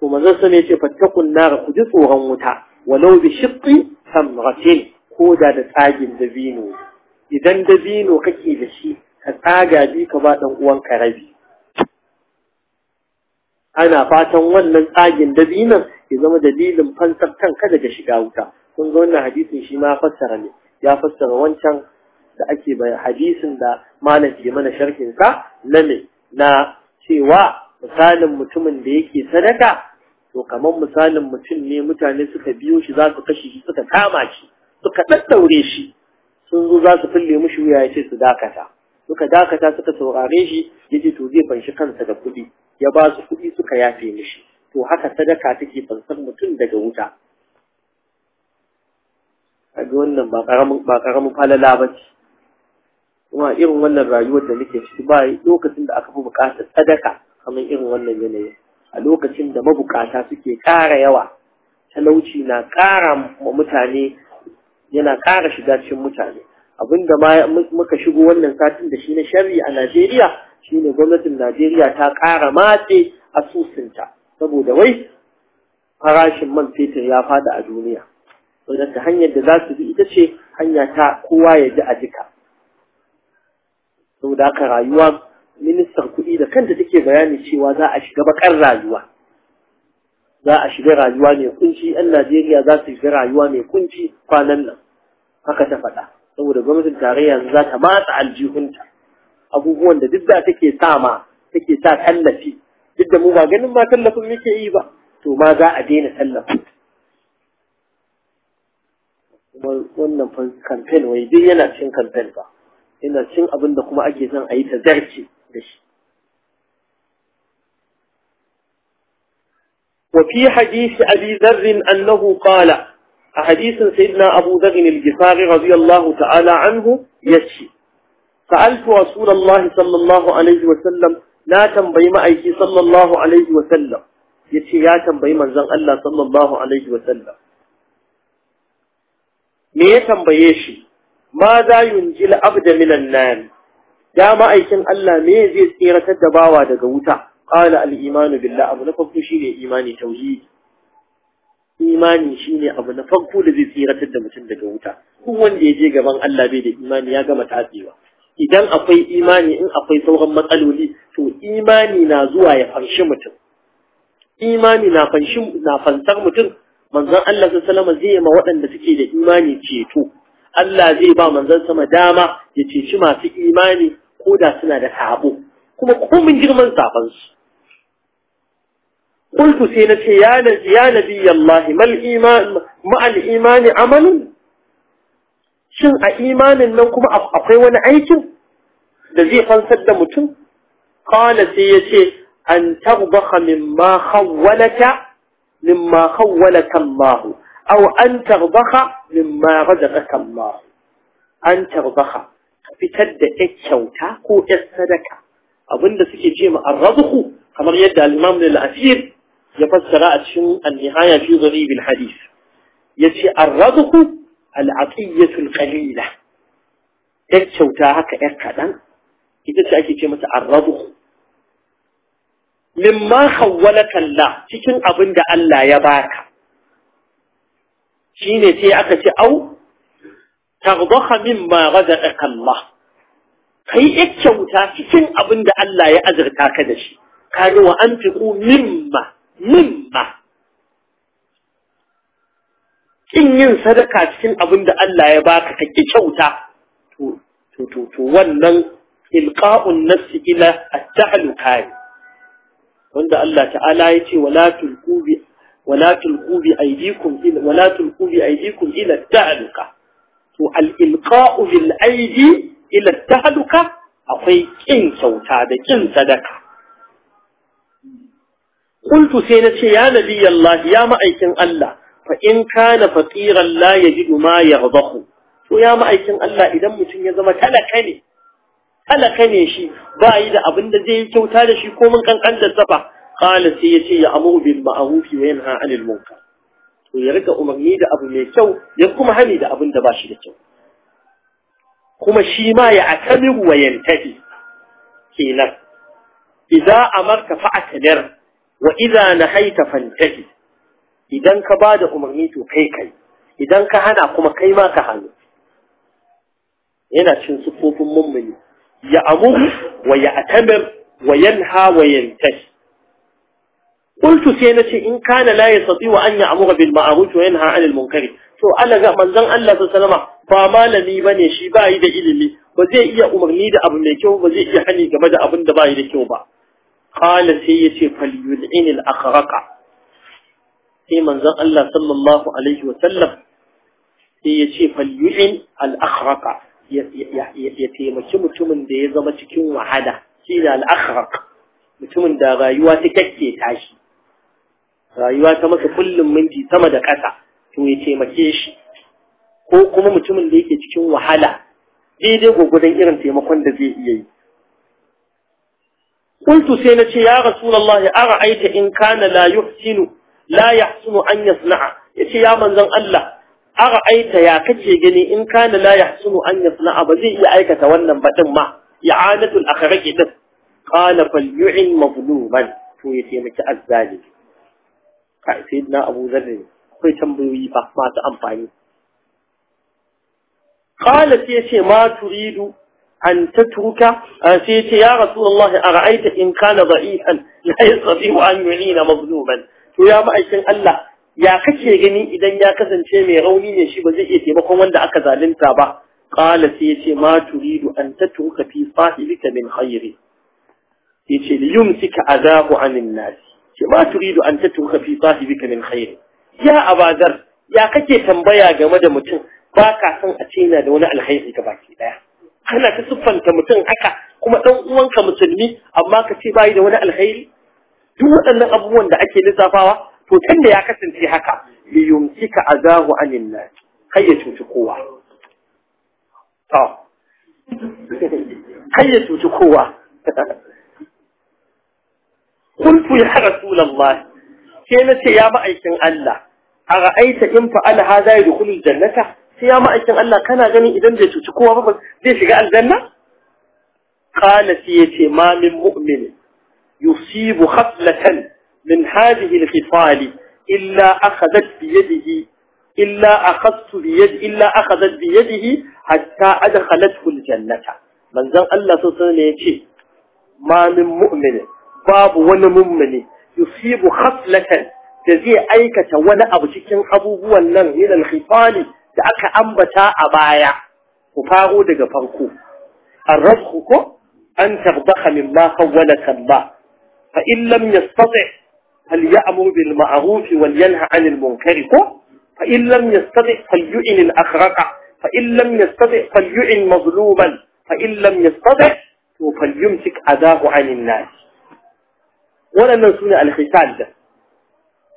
to manzon sama yace fattakun nar ku ji tsoron wuta walau bi shiqqi tamratin ko da da tsagin dabino idan dabino kake da shi ka tsaga bi ka ba dan uwan ka rabi ana fatan wannan tsagin dabinon ya zama dalilin fansar kanka daga shiga wuta kun ga wannan hadisin shi ma fassara ne ya fassara wancan da ake bayan. hadisin da malam ke mana sharhin sa na na cewa misalin mutumin da yake sadaka to kamar misalin mutum ne mutane suka biyo shi za su kashe shi suka kama shi suka ɗaɗɗaure shi sun zo za su fille mushi wuya ya ce su dakata suka dakata suka saurare shi ya ce to zai fanshi kansa da kuɗi ya ba su kuɗi suka yafe mishi to haka sadaka take fansar mutum daga wuta kaga wannan ba ƙaramin falala ba ce kuma irin wannan rayuwar da nake ciki ba lokacin da aka fi buƙatar sadaka kamar irin wannan yanayi a lokacin da mabukata suke ƙara yawa talauci na ƙara mutane yana ƙara shiga cikin mutane abinda ma muka shigo wannan satin da shi na sharri a Najeriya shine gwamnatin Najeriya ta ƙara matse asusunta saboda wai farashin man fetur ya fada a duniya saboda ta hanyar da za su bi ita ce hanya ta kowa ya ji a jika saboda haka rayuwa ministan kuɗi da kanta take bayani cewa za a shiga bakar rayuwa za a shiga rayuwa mai kunci yan Najeriya za su shiga rayuwa mai kunci kwanan nan haka ta faɗa saboda gwamnatin tarayya za ta matsa aljihunta abubuwan da duk da take sa ma take sa tallafi duk da mu ba ganin ma tallafin muke yi ba to ma za a daina tallafi. wannan kamfen wai duk yana cin kamfen ba yana cin abin da kuma ake son a yi ta zarce shi وفي حديث أبي ذر أنه قال حديث سيدنا أبو ذر الجفاري رضي الله تعالى عنه يشي سألت رسول الله صلى الله عليه وسلم لا تنبي مأيكي صلى الله عليه وسلم يشي يا تنبي من زن الله صلى الله عليه وسلم ميتم ya tambaye shi ma من النار ya ma'aikin Allah me zai tseratar da bawa daga wuta qala al-imanu billah abu na farko shine imani tauhid imani shine abu na farko da zai tseratar da mutum daga wuta duk wanda ya je gaban Allah bai da imani ya gama tasewa idan akwai imani in akwai sauran matsaloli to imani na zuwa ya fanshi mutum imani na fanshi na fansar mutum manzon Allah sallallahu alaihi zai ma waɗanda suke da imani ceto Allah zai ba manzon sama dama ya ceci masu imani suna da sabo kuma قلت سينتي يا نبي الله ما الإيمان مع الإيمان عمل شن إيمان أنكم أقوى ونعيش الذي فانسد متن قال سيتي أن تغضخ مما خولك مما خولك الله أو أن تغضخ مما رزقك الله أن تغضخ ka fitar da ƴar kyauta ko ƴar sadaka abinda suke ce ma arrazuku kamar yadda al-imam al-asir ya fassara a cikin an-nihaya fi gharib al-hadith yace arrazuku al-aqiyatu al-qalila ƴar kyauta haka ƴar kaɗan ita ce ake ce mata arrazuku mimma khawwalaka Allah cikin abinda Allah ya baka shine sai aka ce au تغضخ mimma razaqaka Allah kai kyauta cikin abin da Allah ya azurta ka da shi kare wa anfiqu mimma mimma kin yin sadaka cikin abin da Allah ya baka ka ki kyauta to to to, to wannan ilqa'un nafs ila at-ta'luka wanda Allah ta'ala ya ce wala tulqu bi wala tulqu bi aydikum ila wala tulqu bi aydikum ila at-ta'luka الإلقاء بالأيدي إلى التهلكة أخي كن سوتا بكن سدك قلت سينتي يا نبي الله يا مأيكن الله فإن كان فقيرا لا يجد ما يغضه يا مأيكن الله إذا متن يزم تلكني تلكني شي بايد أبن دي سوتا لشي كومن كان عند سبا قال سيتي يأمر بالمعروف وينهى عن المنكر to ya rika umarni da abu mai kyau ya kuma hani da abin da ba shi da kyau kuma shi ma ya akamiru wa yantahi kenan idza amarka fa akmir wa idza nahaita fantahi idan ka ba da umarni to kai kai idan ka hana kuma kai ma ka hana. yana cin sufofin mummuni ya amuru wa ya atamir wa yanha wa yantahi qultu sai nace in kana la yastati wa an ya'muru bil ma'ruf wa yanha 'anil munkar to Allah ga manzon Allah Sallama, ba malami bane shi ba yi da ilimi ba zai iya umarni da abu mai kyau ba zai iya hani game da abin da ba yi da kyau ba qala sai yace fal falyul'in al akhraqa sai manzon Allah sallallahu alaihi wa sallam sai yace fal yulin al akhraqa ya taimaki mutumin da ya zama cikin wahala shi da al akhraq mutumin da rayuwa ta kakke tashi rayuwa ta masa kullum minti sama da ƙasa to ya taimake shi ko kuma mutumin da yake cikin wahala daidai gwagwadon irin taimakon da zai iya yi kuntu sai na ce ya rasulullah ara aita in kana la yuhsinu la yahsinu an yasna'a yace ya manzon Allah ara aita ya kace gani in kana la yahsinu an yasna'a ba zai iya aikata wannan baɗin ma i'anatul akhraqi din qala falyu'in mazluman to ya taimaki azzalimi kai sai na Abu Zarri akwai tambayoyi ba masu amfani qala sai yace ma turidu an tatruka ah, sai yace ya rasulullah ra'aita in kana da'ifan la yastati'u an yu'ina mazluman to ya ma'aikin Allah ya kake gani idan ya kasance mai rauni ne shi ba zai iya taimakon wanda aka zalunta ba qala sai yace ma turidu an tatruka fi sahibika min khairi yace liyumsika adahu anin nas ma turidu an ta tuka fi sahibika min khair ya abazar ya kake tambaya game da mutum baka ka san a ce da wani alkhairi ga baki ɗaya? kana ta siffanta mutum haka kuma dan uwanka musulmi amma ka ce bai da wani alkhairi duk waɗannan abubuwan da ake lissafawa to tun ya kasance haka li yumtika azahu anin nas kai kai ya tuci kowa قلت يا رسول الله كيف يا مأيكن الله أرأيت إن فعل هذا يدخل الجنة يا مأيكن الله كان غني إذا جيت تكوى زي قال الجنة قال سيتي ما من مؤمن يصيب خفلة من هذه الخصال إلا أخذت بيده إلا أخذت بيد إلا أخذت بيده حتى أدخلته الجنة من ذن الله سبحانه يقول ما من مؤمن babu wani mummuni yusibu khaslatan da zai aikata wani abu cikin abubuwan nan min al-khifali da aka ambata a baya ku faro daga farko arrafu ko an tabbaha mimma khawwalaka Allah fa in lam yastati' فليأمر بالمعروف ولينهى عن المنكر فإن لم يستطع فليعن الأخرق فإن لم يستطع فليعن مظلوما فإن لم يستطع فليمسك أداه عن الناس waɗannan su al-hisal da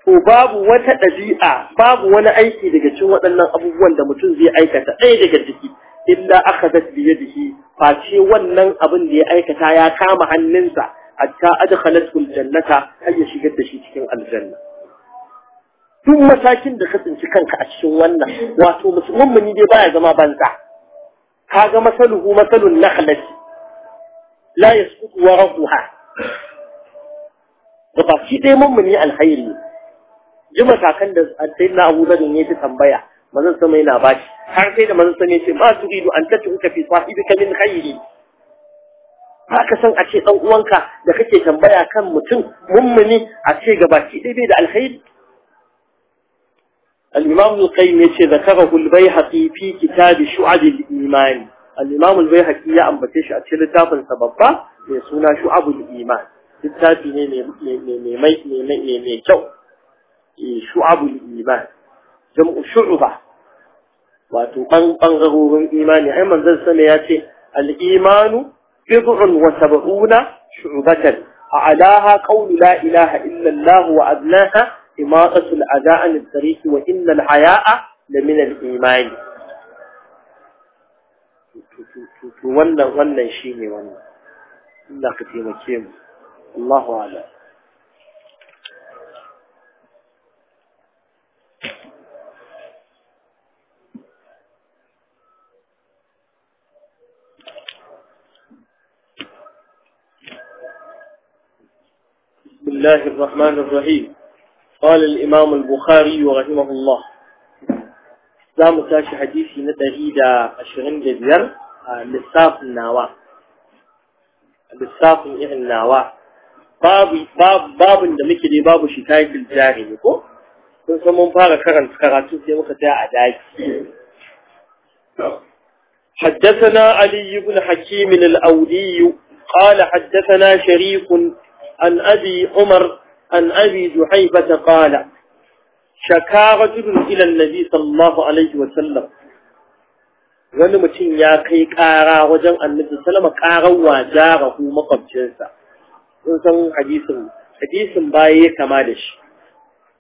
to babu wata dabi'a babu wani aiki daga cikin waɗannan abubuwan da mutum zai aikata ɗaya daga ciki illa akhadat bi yadihi fa ce wannan abin da ya aikata ya kama hannunsa hatta adkhalatul jannata har ya shigar da shi cikin aljanna duk matakin da ka tsinci kanka a cikin wannan wato musulmin ni dai baya zama banza kaga masaluhu masalun nakhlati la yasqutu wa rabbuha ba shi dai mummuni alkhairi ji matakan da sai na abu zan yi tambaya mazan sama yana ba shi har sai da manzon sama yace ma turidu an tatu ka fi fa'idu ka min khairi haka san a ce dan uwanka da kake tambaya kan mutum mummuni a ce gaba ki dai bai da alkhairi al-imam al-qayyim yace zakarahu al-bayhaqi fi kitab shu'ab al-iman al-imam al-bayhaqi ya ambace shi a cikin littafin sa babba mai suna shu'ab al-iman littafi ne mai kyau shu'abul iman jam'u shu'uba wato bangarorin imani ai manzon sama ya ce al-imanu bid'un wa sab'una shu'batan a'laha qawlu la ilaha illa Allah wa adnaha imatatu al-ada'a an tariq wa inna al-haya'a la min al-iman wannan wannan shine wannan Allah ka taimake mu الله أعلم بسم الله الرحمن الرحيم قال الإمام البخاري رحمه الله سلام حديث حديثي نتغيدا أشغن آه، جديا لصاف النواع لصاف إغن النواع باب باب باب da muke dai babu shi title jari ne ko sun san mun fara karanta karatu sai muka tsaya a daki حدثنا علي بن حكيم الأولي قال حدثنا شريف عن أبي عمر عن أبي جحيبة قال شكا رجل إلى النبي صلى الله عليه وسلم ونمتن يا كي كارا وجن أن نبي صلى الله عليه وسلم كارا وجاره مقبجنسا sun san hadisin hadisin baya ya kama da shi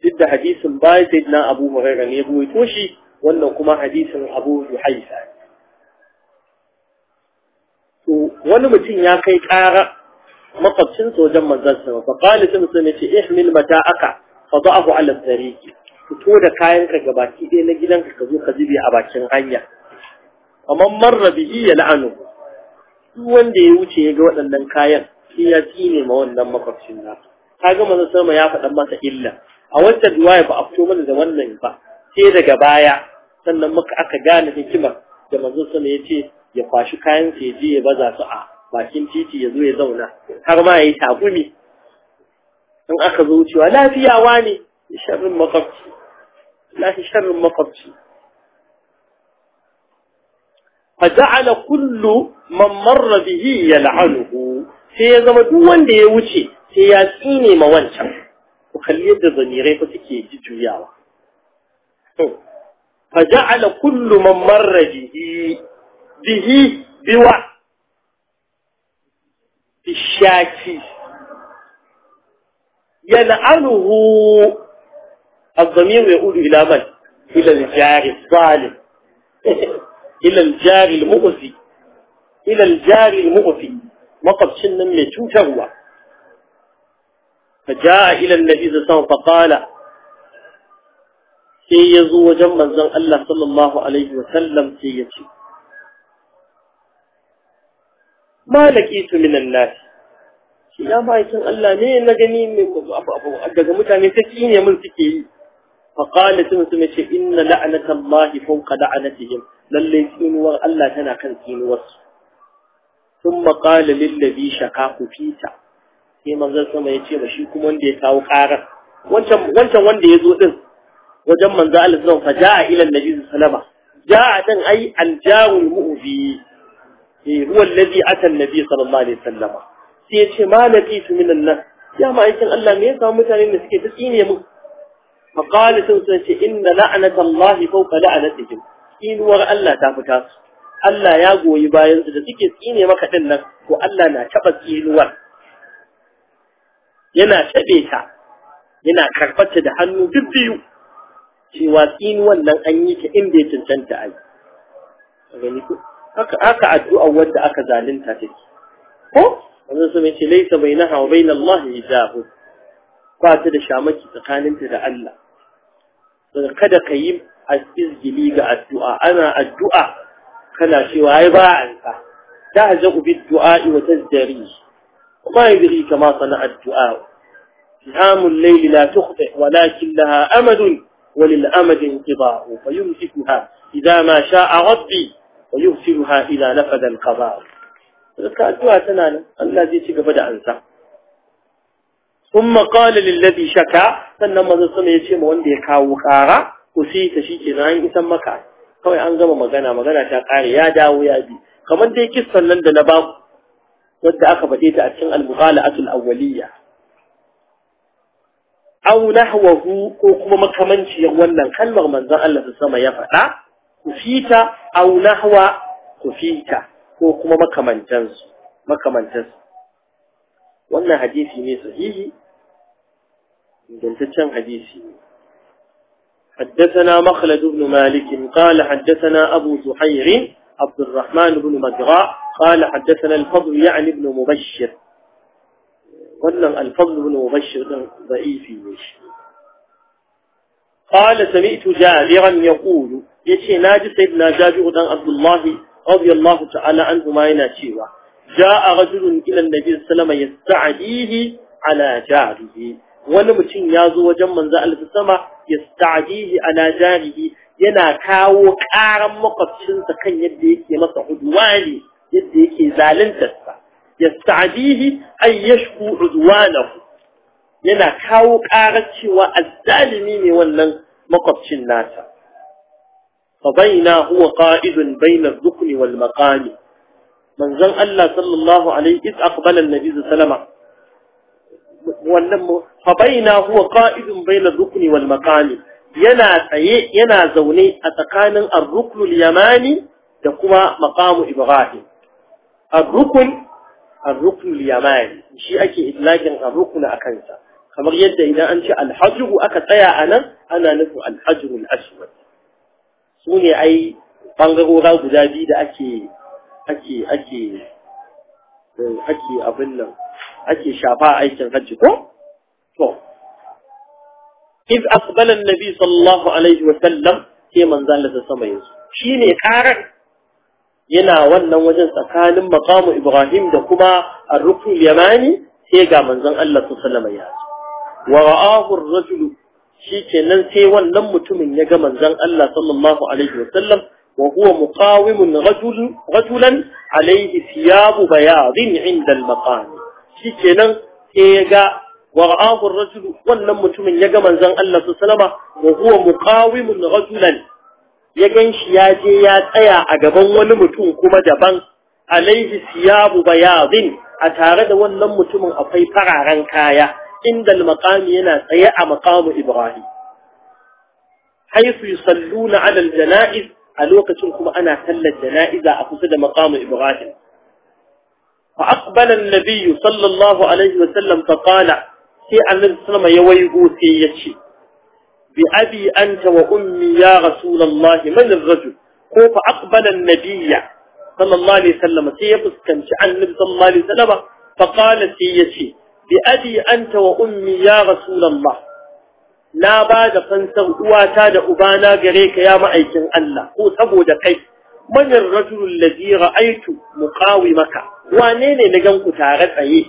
duk da hadisin baya sai na abu hurairah ne buwaito shi wannan kuma hadisin abu yuhaisa to wani mutum ya kai ƙara makwabcin sojan manzon sa fa qala sun sun ce ihmil mata'aka fa da'ahu ala tariqi fito da kayanka gabaki ɗaya na gidanka ka zo ka zube a bakin hanya amma marra bihi ya la'anu duk wanda ya wuce ya ga waɗannan kayan sai ya tsine ma wannan makwabcin na kaga manzo sama ya faɗa masa illa a wata riwaya ba a fito mana da wannan ba sai daga baya sannan muka aka gane hikimar da manzo sama ya ce ya kwashi kayan sa ya je ya baza su a bakin titi ya zo ya zauna har ma yayi takumi in aka zo wucewa lafiya wani sharrin makwabci lafi sharrin makwabci فجعل كل من مر به يلعنه sai ya zama duk wanda ya wuce sai ya tsine ma wancan ku kalli yadda zamirai fa suke ji juyawa fa ja'ala kullu man marra bihi bihi biwa bishaki yal'anuhu الضمير يقول إلى من؟ إلى الجار الظالم إلى الجار المؤذي إلى الجار المؤذي مقب سنة ميتو شغوة فجاء إلى النبي صلى الله عليه وسلم فقال سيزو جمع زن الله صلى الله عليه وسلم سيزو ما لكيت من الناس يا بايتن الله ني نغني مي كو ابو ابو ابو اجا متاني تكيني من تكي فقال ثم ثم شيء ان لعنه الله فوق لعنتهم للي سين والله تنا كان سين وصف ثم قال للذي شكاك فيتا sai manzon sama ya ce ba shi kuma wanda ya kawo karar wancan wancan wanda ya zo din wajen manzo Allah sallallahu alaihi wasallam fa ila annabi sallama ja'a dan ai aljarul mu'bi eh huwa alladhi ata annabi sallallahu alaihi wasallam sai ya ce ma laqitu minan nas ya ma aikin Allah me yasa mutane da suke ta tsine mu fa qala sun ce inna la'nata Allah fawqa la'natihim inuwar Allah ta fita su Allah ya goyi bayan su da suke tsine maka din nan ko Allah na taba tsinuwar yana tabe ta yana karfata da hannu duk biyu cewa tsinuwan nan an yi ta in ya cancanta ai gani ko haka aka addu'a wanda aka zalunta take ko wannan su mai ce laisa bainaha wa bain Allah hijabu ba ta da shamaki tsakaninta da Allah kada ka yi izgili ga addu'a ana addu'a kana cewa ai ba anka بالدعاء وتزدري وما يدريك ما صنع الدعاء سهام الليل لا تخطئ ولكن لها أمد وللأمد انقضاء فيمسكها إذا ما شاء ربي ويرسلها إذا نفذ القضاء فذلك الدعاء تنانا الذي تقبل عنك ثم قال للذي شكا فلما ذا سمع يتيم وانده كاو خارا وسيت شيء عن إسمك kawai an gama magana magana ta ƙare ya dawo ya bi kamar dai kissan nan da na baku wadda aka faɗe ta a cikin al-mughala'atul awwaliyya aw nahwahu ko kuma makamanci wannan kalmar manzon Allah sama ya faɗa kufita aw nahwa kufita ko kuma makamantansu wannan hadisi ne sahihi ingantaccen hadisi ne حدثنا مخلد بن مالك قال حدثنا أبو زحير عبد الرحمن بن مجراء قال حدثنا الفضل يعني ابن مبشر قلنا الفضل بن مبشر ضعيف قال سمعت جابرا يقول يتي ناجس ابن جابر بن عبد الله رضي الله تعالى عنه ما يناشيه جاء رجل إلى النبي صلى الله عليه وسلم يستعديه على جاره wani mutum ya zo wajen manzo Allah sama yasta'dihi ala jarihi yana kawo karan makwabcinsa kan yadda yake masa udwani yadda yake zaluntarsa yasta'dihi ay yashku udwanahu yana kawo karar cewa azzalimi ne wannan makwabcin nasa فبينا هو قائد بين الذكر والمقام من زن الله صلى الله عليه إذ أقبل wannan fabaina huwa qa'idun bainal rukni wal maqami yana tsaye yana zaune a tsakanin ar-ruknul yamani da kuma maqamu ibrahim ar-rukn ar-ruknul yamani shi ake idlakin ar-rukn akan sa kamar yadda idan an ce al-hajru aka tsaya anan ana nufin al-hajru al-aswad sune ai bangarora guda biyu da ake ake ake ake abin nan أتي شافا أي سنفجكو فو إذ أقبل النبي صلى الله عليه وسلم في منزل السمايز شيني كارن ينا ون وجن سكان مقام إبراهيم دكما الركن اليماني هيجا منزل الله صلى الله عليه وسلم ورآه الرجل شيكنن سي ونن متومن يغا منزان الله صلى الله عليه وسلم وهو مقاوم رجل رجلا عليه ثياب بياض عند المقام shi kenan sai ya ga ورآه rajul wannan mutumin ya ga manzon Allah wasallam wa huwa muqawimun rajulan ya ganshi ya je ya tsaya a gaban wani mutum kuma daban alaihi siyabu bayadin a tare da wannan mutumin akwai fararen kaya inda al-maqami yana tsaye a maqamu Ibrahim haythu yusalluna ala al-janaiz a lokacin kuma ana sallar jana'iza a kusa da maqamu Ibrahim فأقبل النبي صلى الله عليه وسلم فقال في النبي صلى الله عليه وسلم يويقو سيتشي بأبي أنت وأمي يا رسول الله من الرجل هو فأقبل النبي صلى الله عليه وسلم سيبس كانت عن النبي صلى الله عليه وسلم فقال سيتشي بأبي أنت وأمي يا رسول الله لا بعد فانسر واتا أبانا غريك يا معيك الله هو سبو دا كيف man ar-rajulu alladhi ra'aytu muqawimaka wane ne na ganku tare tsaye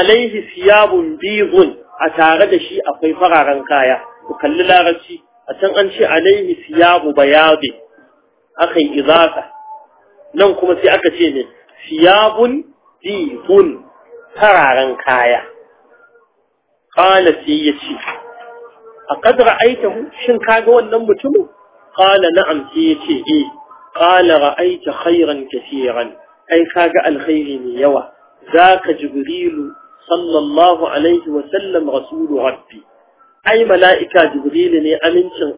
alaihi siyabun bihun a tare da shi akwai fararen kaya ku kalli larabci a can an ce alaihi siyabu bayabi akai izaka nan kuma sai aka ce ne siyabun bihun fararen kaya qala sai ce. a kadra aitahu shin kaga wannan mutumin قال نعم سيتي إيه قال رأيت خيرا كثيرا أي كاقع الخير من يوى ذاك جبريل صلى الله عليه وسلم رسول ربي أي ملائكة جبريل ني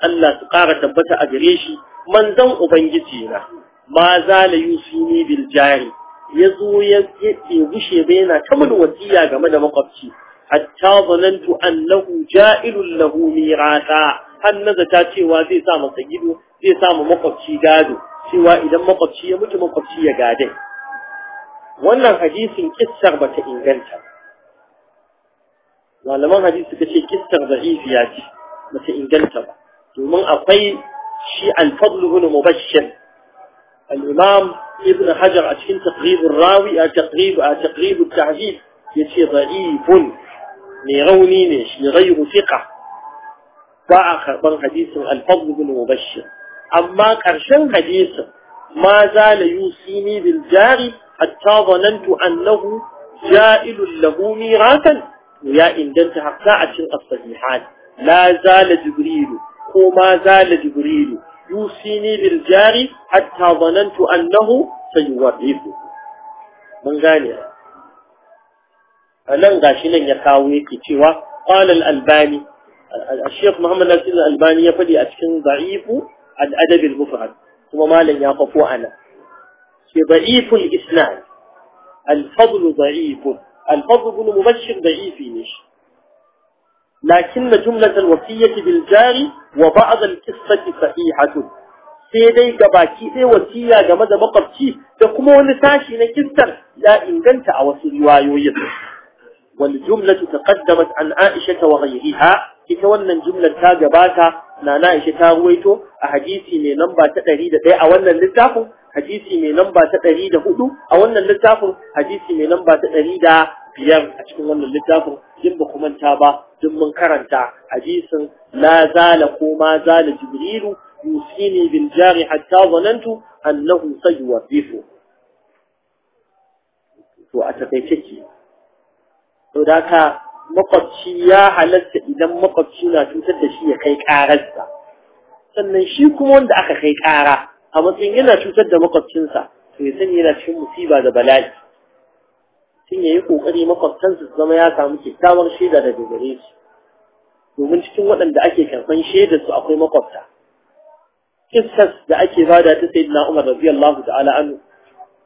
ألا تقار تبت أجريشي من زن أبنجتينا ما زال يوصيني بالجاري يزو يغشي بينا كمن وديا كمن مقبتي حتى ظننت أنه جائل له ميراثا har nazata cewa zai sa masa gido zai sa mu makwabci gado cewa idan makwabci ya mutu makwabci ya gade wannan hadisin kissar bata inganta malaman hadisi suka ce kissar da'ifiya ce bata inganta ba domin akwai shi al fadlu ibn mubashshir al-imam ibn hajar a cikin taqrib rawi a taqrib a taqrib at-tahzib yace da'ifun mai rauni ne shi ghayru thiqah ba a karɓar hadisin al bin mubashir amma ƙarshen hadisin ma zala yusini bil jari hatta zanantu annahu ja'ilul lahu miratan ya indanta hatta a cikin as-sahihan la zala jibrilu ko ma la jibrilu yusini bil jari hatta zanantu annahu sayuwarrifu mun gane nan gashi nan ya kawo yake cewa qala al-albani الشيخ محمد ناصر الألباني يفدي أتكن ضعيف الأدب المفرد ثم مالا يقفو أنا ضعيف الإسلام الفضل ضعيف الفضل بن مبشر ضعيف ليش لكن جملة الوصية بالجار وبعض القصة صحيحة سيدي قباكي سي وصية جمد مقبتي تقومون تاشي نكستر لا إنجنت أوصي روايو يدر والجملة تقدمت عن عائشة وغيرها ita wannan jumlar ta gabata na na ishe ta ruwaito a hadisi mai namba ta ɗari da ɗaya a wannan littafin hadisi mai namba ta ɗari da hudu a wannan littafin hadisi mai namba ta ɗari da biyar a cikin wannan littafin din ba kuma ta ba din mun karanta hadisin la zala ko ma zala jibrilu yusini bil jari hatta zanantu annahu Bifo." to a takaice ki to da ka makwabci ya halatta idan makwabci na cutar da shi ya kai ƙararsa sannan shi kuma wanda aka kai ƙara a matsayin yana cutar da makwabcinsa to ya sani yana cikin musiba da bala'i tun ya yi ƙoƙari makwabtansa su zama ya samu kyakkyawar shaida daga gare su domin cikin waɗanda ake karɓar shaida su akwai makwabta kissas da ake bada ta sayyidina Umar radiyallahu ta'ala anhu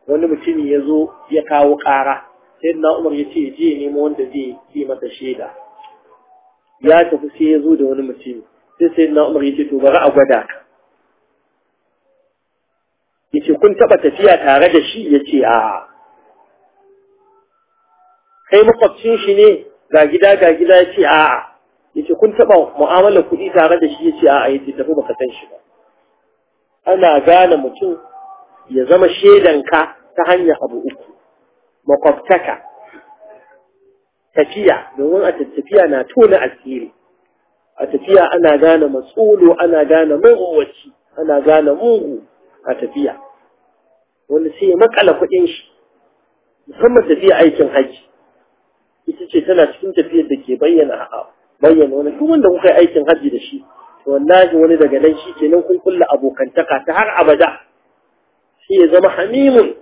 wani mutumi ya zo ya kawo ƙara sai na umar ya ce je nemo wanda zai yi masa shaida ya tafi sai ya zo da wani mutum sai sai na umar ya ce to bari a gwada ka ya ce kun taɓa tafiya tare da shi ya ce a kai makwabcin shi ne ga gida ga gida ya ce a ya ce kun taɓa mu'amalar kuɗi tare da shi ya ce a ya ce tafi baka san shi ba ana gane mutum ya zama shaidanka ta hanyar abu uku makwabtaka tafiya domin a tafiya na tona asiri a tafiya ana gane matsolo ana gane marowaci ana gane mugu a tafiya wani sai ya makala kuɗin shi musamman tafiya aikin haji ita ce tana cikin tafiyar da ke bayyana a bayyana wani duk wanda kuka yi aikin haji da shi to wallahi wani daga nan shi ke nan kulla abokantaka ta har abada sai ya zama hamimun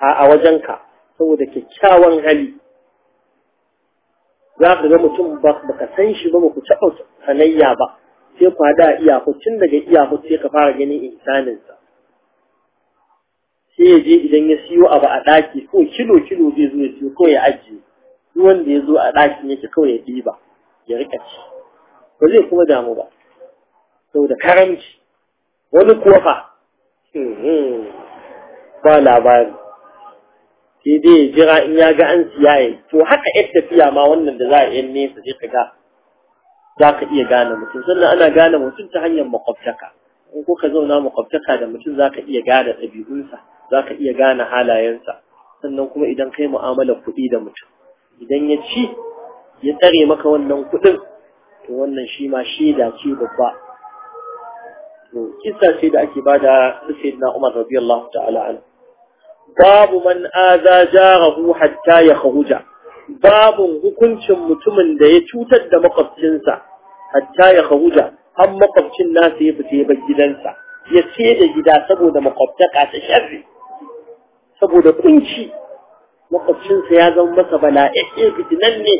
a wajenka saboda kyakkyawan hali za ka ga mutum ba ka san shi ba ku taɓa sanayya ba sai ku hada tun daga iyakut sai ka fara ganin insaninsa sai ya je idan ya siyo abu a ɗaki ko kilo kilo zai zo ya siyo kawai ya ajiye duk wanda ya zo a ɗakin yake kawai ya ɗiba ya riƙa ci ba zai kuma damu ba saboda karamci wani kuwa hmm, hmm, ba labari sai ya jira in ya ga an siya ya to haka yar tafiya ma wannan da za a yi nesa sai ka ga za ka iya gane mutum sannan ana gane mutum ta hanyar makwabtaka in kuka zauna makwabtaka da mutum za ka iya gane ɗabi'unsa za ka iya gane halayensa sannan kuma idan kai mu'amala kuɗi da mutum idan ya ci ya tsare maka wannan kuɗin to wannan shi ma shaida ce babba to kisa ce da ake bada na Umar radiyallahu ta'ala anhu babu man aza jarahu hatta ya babu hukuncin mutumin da ya cutar da makwabcinsa hatta ya kharuja har makwabcin nasa ya fita ya bar gidansa ya ce da gida saboda makwabtaka ta sharri saboda kunci makwabcinsa ya zama masa bala'e fitinan ne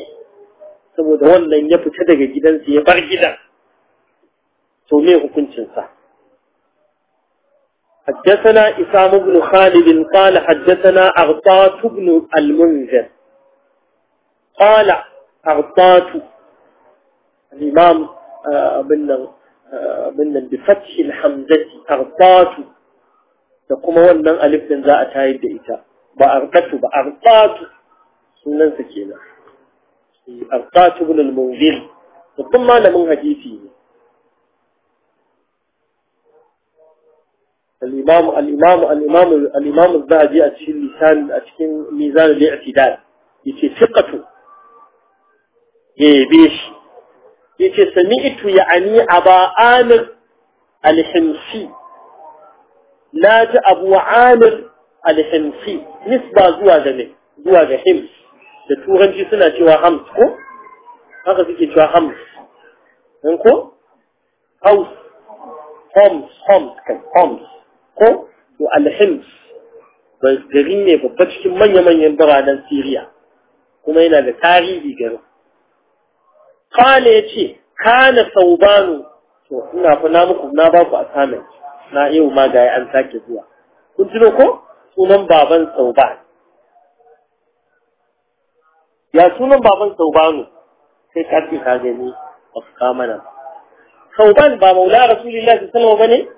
saboda wannan ya fita daga gidansa ya bar gidan to me hukuncinsa حدثنا إسام بن خالد قال حدثنا أغطات بن المنذر قال أغطات الإمام آه، بن آه، بن بفتح الحمزة أغطات تقوم ونن ألف من ذا أتايد إتا بأغطات بأغطات سنن سكينة أغطات بن المنذر ثم لمن حديثي الإمام الإمام الإمام الإمام الذهبي أتشين لسان أتشين ميزان الاعتدال يتي ثقته يبيش إيه، يتي سمعت يعني أبا عامر الحمصي لا أبو عامر الحمصي نسبة زوا جميل زوا جحمص da turanci suna cewa hams ko haka suke cewa hams ɗin ko house homs homs ko to alhims gari ne babba cikin manya-manyan biranen siriya kuma yana da tarihi garin kala ya ce kana saubanu to ina fa na muku na ba ku assignment na yau ma ga an sake zuwa kun tuno ko sunan baban sauban ya sunan baban saubanu sai ka ce ka gani ba su kama nan sauban ba maula rasulullahi sallallahu alaihi wasallam bane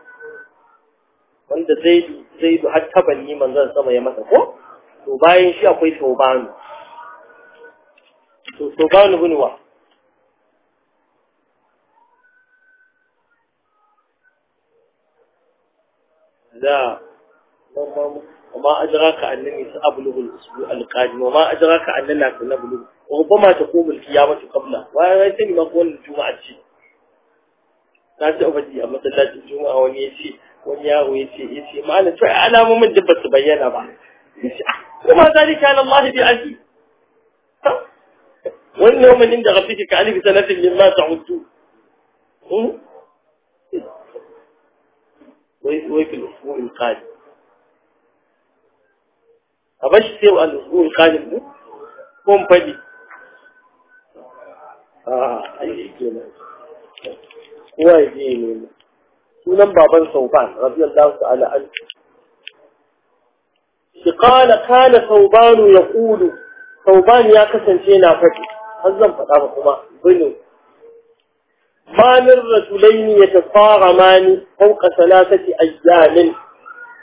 wanda zai zai har tabanni manzon sama ya masa ko to bayan shi akwai tobanu to tobanu bin wa لا وما أدراك أنني سأبلغ الأسبوع القادم وما أدراك أننا سنبلغ وربما تقوم القيامة قبله وأنا ما أقول الجمعة شيء na ci abadi a masallacin juma'a wani ya ce wani yawo ya ce ya ce malam to alamomin duk ba su bayyana ba ya ce ah, kuma zalika ala Allah bi aziz wani yawmin inda rabbika ka alif sanatin mimma ta'uddu hmm? wai wai fil usbu'il qadim abash sai al usbu'il qadim din ko mun fadi ah ai kenan kowa ya je ne sunan baban sauban radiyallahu ta'ala an shi kana kana saubanu ya kudu sauban ya kasance na faɗi har zan faɗa ba kuma bino ma min rasulaini ya tafara mani fauka salatati ayyamin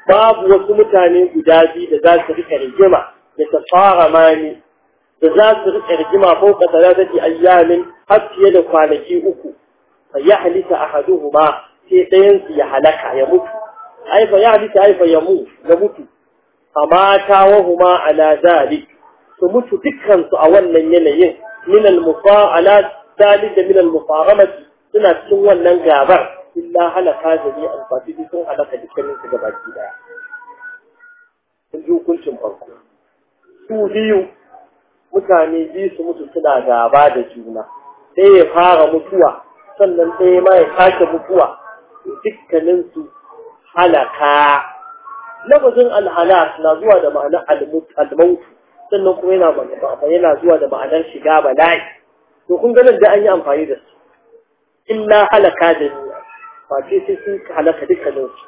babu wasu mutane guda biyu da za su rika rigima ya tafara mani da za su rika rigima fauka salatati ayyamin har fiye da kwanaki uku fa yahlika ahaduhuma sai ɗayansu ya halaka ya mutu aifa ya halitta haifa ya mu ya mutu amma ta wahuma ala zalik su mutu dukkansu a wannan yanayin minal al mufa ala zalik da min a mufaramati suna cikin wannan gabar illa halaka jami al fatidi sun halaka dukkanin su ki daya sun ji hukuncin farko su biyu mutane biyu su mutu suna gaba da juna sai ya fara mutuwa sannan ɗaya ma ya sake mutuwa dukkaninsu halaka lafazin alhalak na zuwa da ma'anar almautu sannan kuma yana yana zuwa da ma'anar shiga bala'i to kun ganin da an yi amfani da su illa halaka da niyya ba ce sai sun halaka dukkaninsu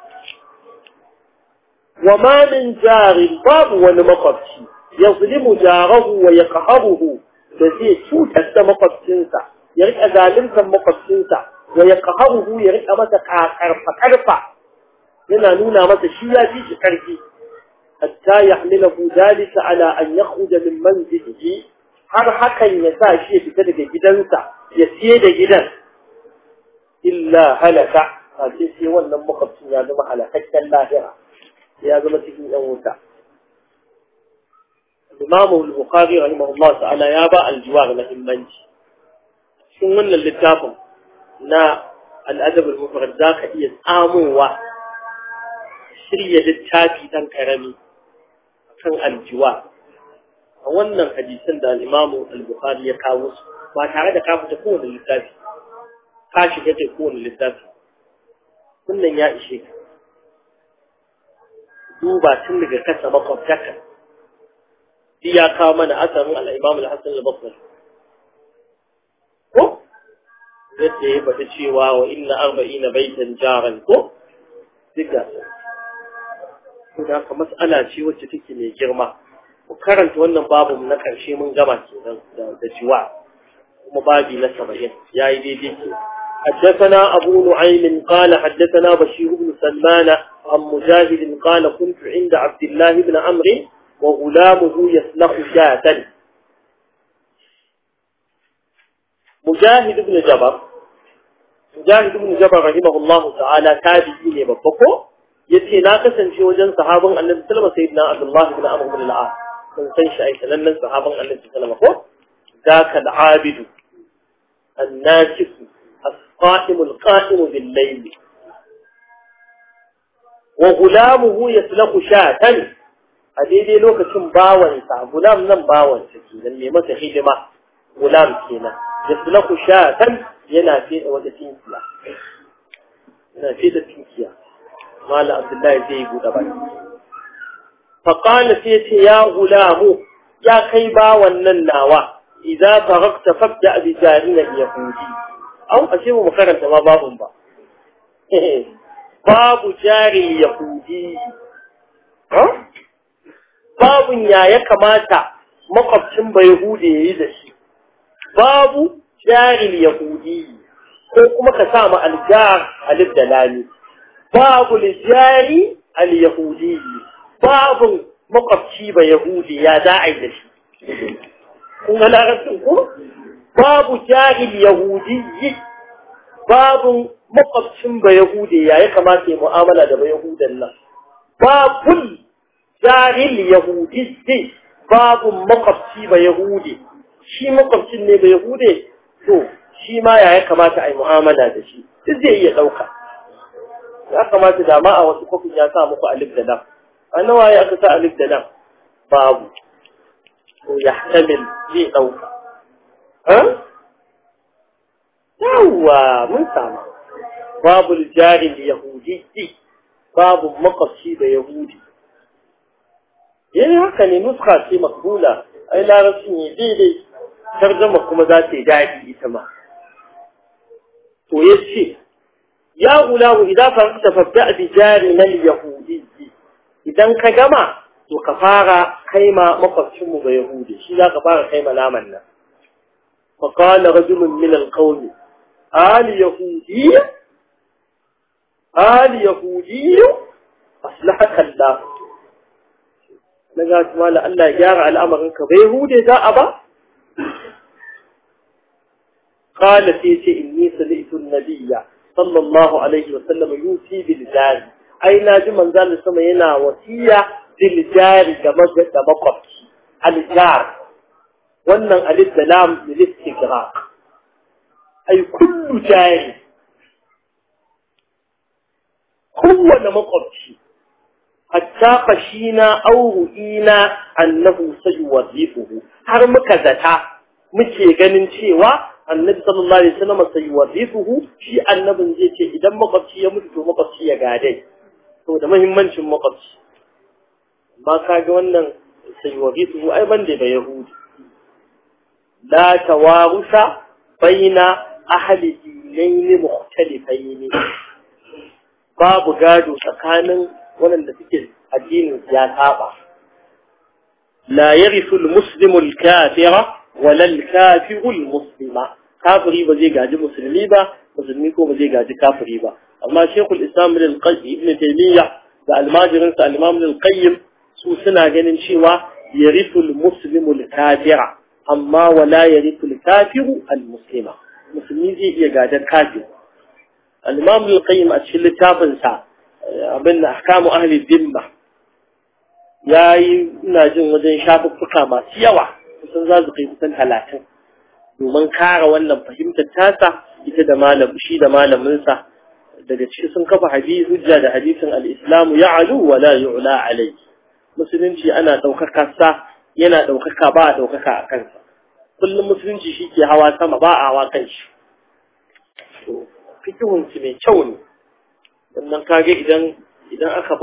wa ma min jarin babu wani makwabci ya zulimu jarahu wa ya kaharuhu da zai cutar da makwabcinsa ya riƙa zalimtar makwabcinsa ويقهره يرقى مدى كارفة كارفة لنا نونى مدى شيئا فيه كارفي حتى يحمله ذلك على أن يخرج من منزله هل حقا ينسى شيئا بكذلك جدنسا يسيئا جدن إلا هلك فالسيسي ونم مخبسون يعظم على حتى اللاهرة يعظم تجمع أموتا الإمام المقاري رحمه الله تعالى يابا الجوار لهم منجي شو من اللي تافهم na al'adab al-mufrad ka iya tsamowa shirya littafi dan karami kan aljiwa a wannan hadisan da al al-bukhari ya kawo su ba tare da ka fita kowane littafi ka shiga ce kowane littafi wannan ya ishe ka duba tun daga kasa ka iya kawo mana asarin al-imamu al-hasan al-bukhari yadda ya faɗi cewa wa inna arba'ina baitan jaran ko duka ko da haka mas'ala ce wacce take mai girma ku karanta wannan babu na ƙarshe mun gama kenan da jiwa kuma babi na saba'in yi daidai ke حدثنا أبو نعيم قال حدثنا بشير بن سلمان عن مجاهد قال كنت عند عبد الله بن عمرو وغلامه يسلخ شاة مجاهد بن جبر Mujahid ibn Jabal rahimahullahu ta'ala tabi'i ne babba ko yace na kasance wajen sahabin Annabi sallallahu alaihi wasallam Abdullah ibn Amr ibn al-As kun san shi ai sanannan sahabin Annabi sallallahu alaihi wasallam ko zaka al-abid an-nasif as-qa'im al-qa'im bil-layl wa gulamuhu yaslahu shatan a daidai lokacin bawansa gulam nan bawansa kenan mai masa hidima gulam kenan yaslahu shatan yana feda wata tinkiya yana feda tinkiya mala abdullahi zai yi buɗe ba. faqala sai ce ya gulamu ya kai ba wannan nawa idza faraqta fabda bi jarina yahudi au ashe mu makaranta, ma babun ba babu jari yahudi babun ya ya kamata makwabcin bai hude ya yi da shi babu jarin yahudi ko kuma ka sa ma aljar alif da lami babu jari alyahudi yahudi babu makwabci ba yahudi ya za a yi da shi kun ga larabcin ko babu jahil yahudi babu makwabcin ba yahudi ya yi kamata ya mu'amala da ba yahudan nan Babu jahil yahudi babu makwabci ba yahudi shi makwabcin ne bai hude to shi ma ya kamata a yi mu'amala da shi duk zai iya ɗauka ya kamata da ma a wasu kwafin ya sa muku alif da nan, a nawa ya aka sa alif da nan babu to ya hamil zai ɗauka yawwa mun sama. babu jarin yahudi babu makwabci da yahudi yayi eh, haka ne nuska ce makbula ai larabcin ne daidai tarjama kuma za ta yi daɗi ita ma to ya ce ya gulamu idan faranta fabda bi jari na yahudi idan ka gama to ka fara kaima makwabcinmu ga yahudi shi za ka fara kaima naman nan فقال رجل من القوم آل يهودي آل يهودي أصلحك الله na za su mala Allah ya gyara al'amarinka bai hude za a ba قال سيتي ce سمعت النبي صلى الله عليه وسلم يوصي بالجار أي ناجي من ذا لسما ينا وصية بالجار كمجد مقبت الجار wannan alif da lam da istigraq ai kullu jari kowane makwabci hatta qashina aw ru'ina annahu sayuwadhifuhu har muka zata muke ganin cewa annabi sallallahu alaihi wasallam sai wazifuhu shi annabin zai ce idan makwabci ya mutu to makwabci ya gade to da muhimmancin makwabci ba ka ga wannan sai wazifuhu ai ban da yahudi la tawarusa baina ahli dinaini mukhtalifaini babu gado tsakanin waɗanda suke addinin ya saba لا يرث المسلم الكافر ولا الكافر المسلم كافر يبا جي قاعد مسلم يبا مسلميكو بجي قاعد كافر يبا أما شيخ الإسلام من القيم ابن تيمية المادر انت الإمام من القيم سوسنا جنن شوا يغف المسلم الكافر أما ولا يغف الكافر المسلم مسلميزي هي قاعد كافر الإمام من القيم أتشل تابنسا من أحكام أهل الدمة ya yi ina jin wajen shafuffuka masu yawa kusan za su kai kusan talatin domin kara wannan fahimtar tasa ita da malam shi da malaminsa daga ciki sun kafa hadisi hujja da hadisin al ya alu wa la yu'la alayhi musulunci ana daukaka sa yana daukaka ba a daukaka a kansa kullum musulunci shi ke hawa sama ba a hawa kan shi to fikihun mai kyau ne wannan kage idan idan aka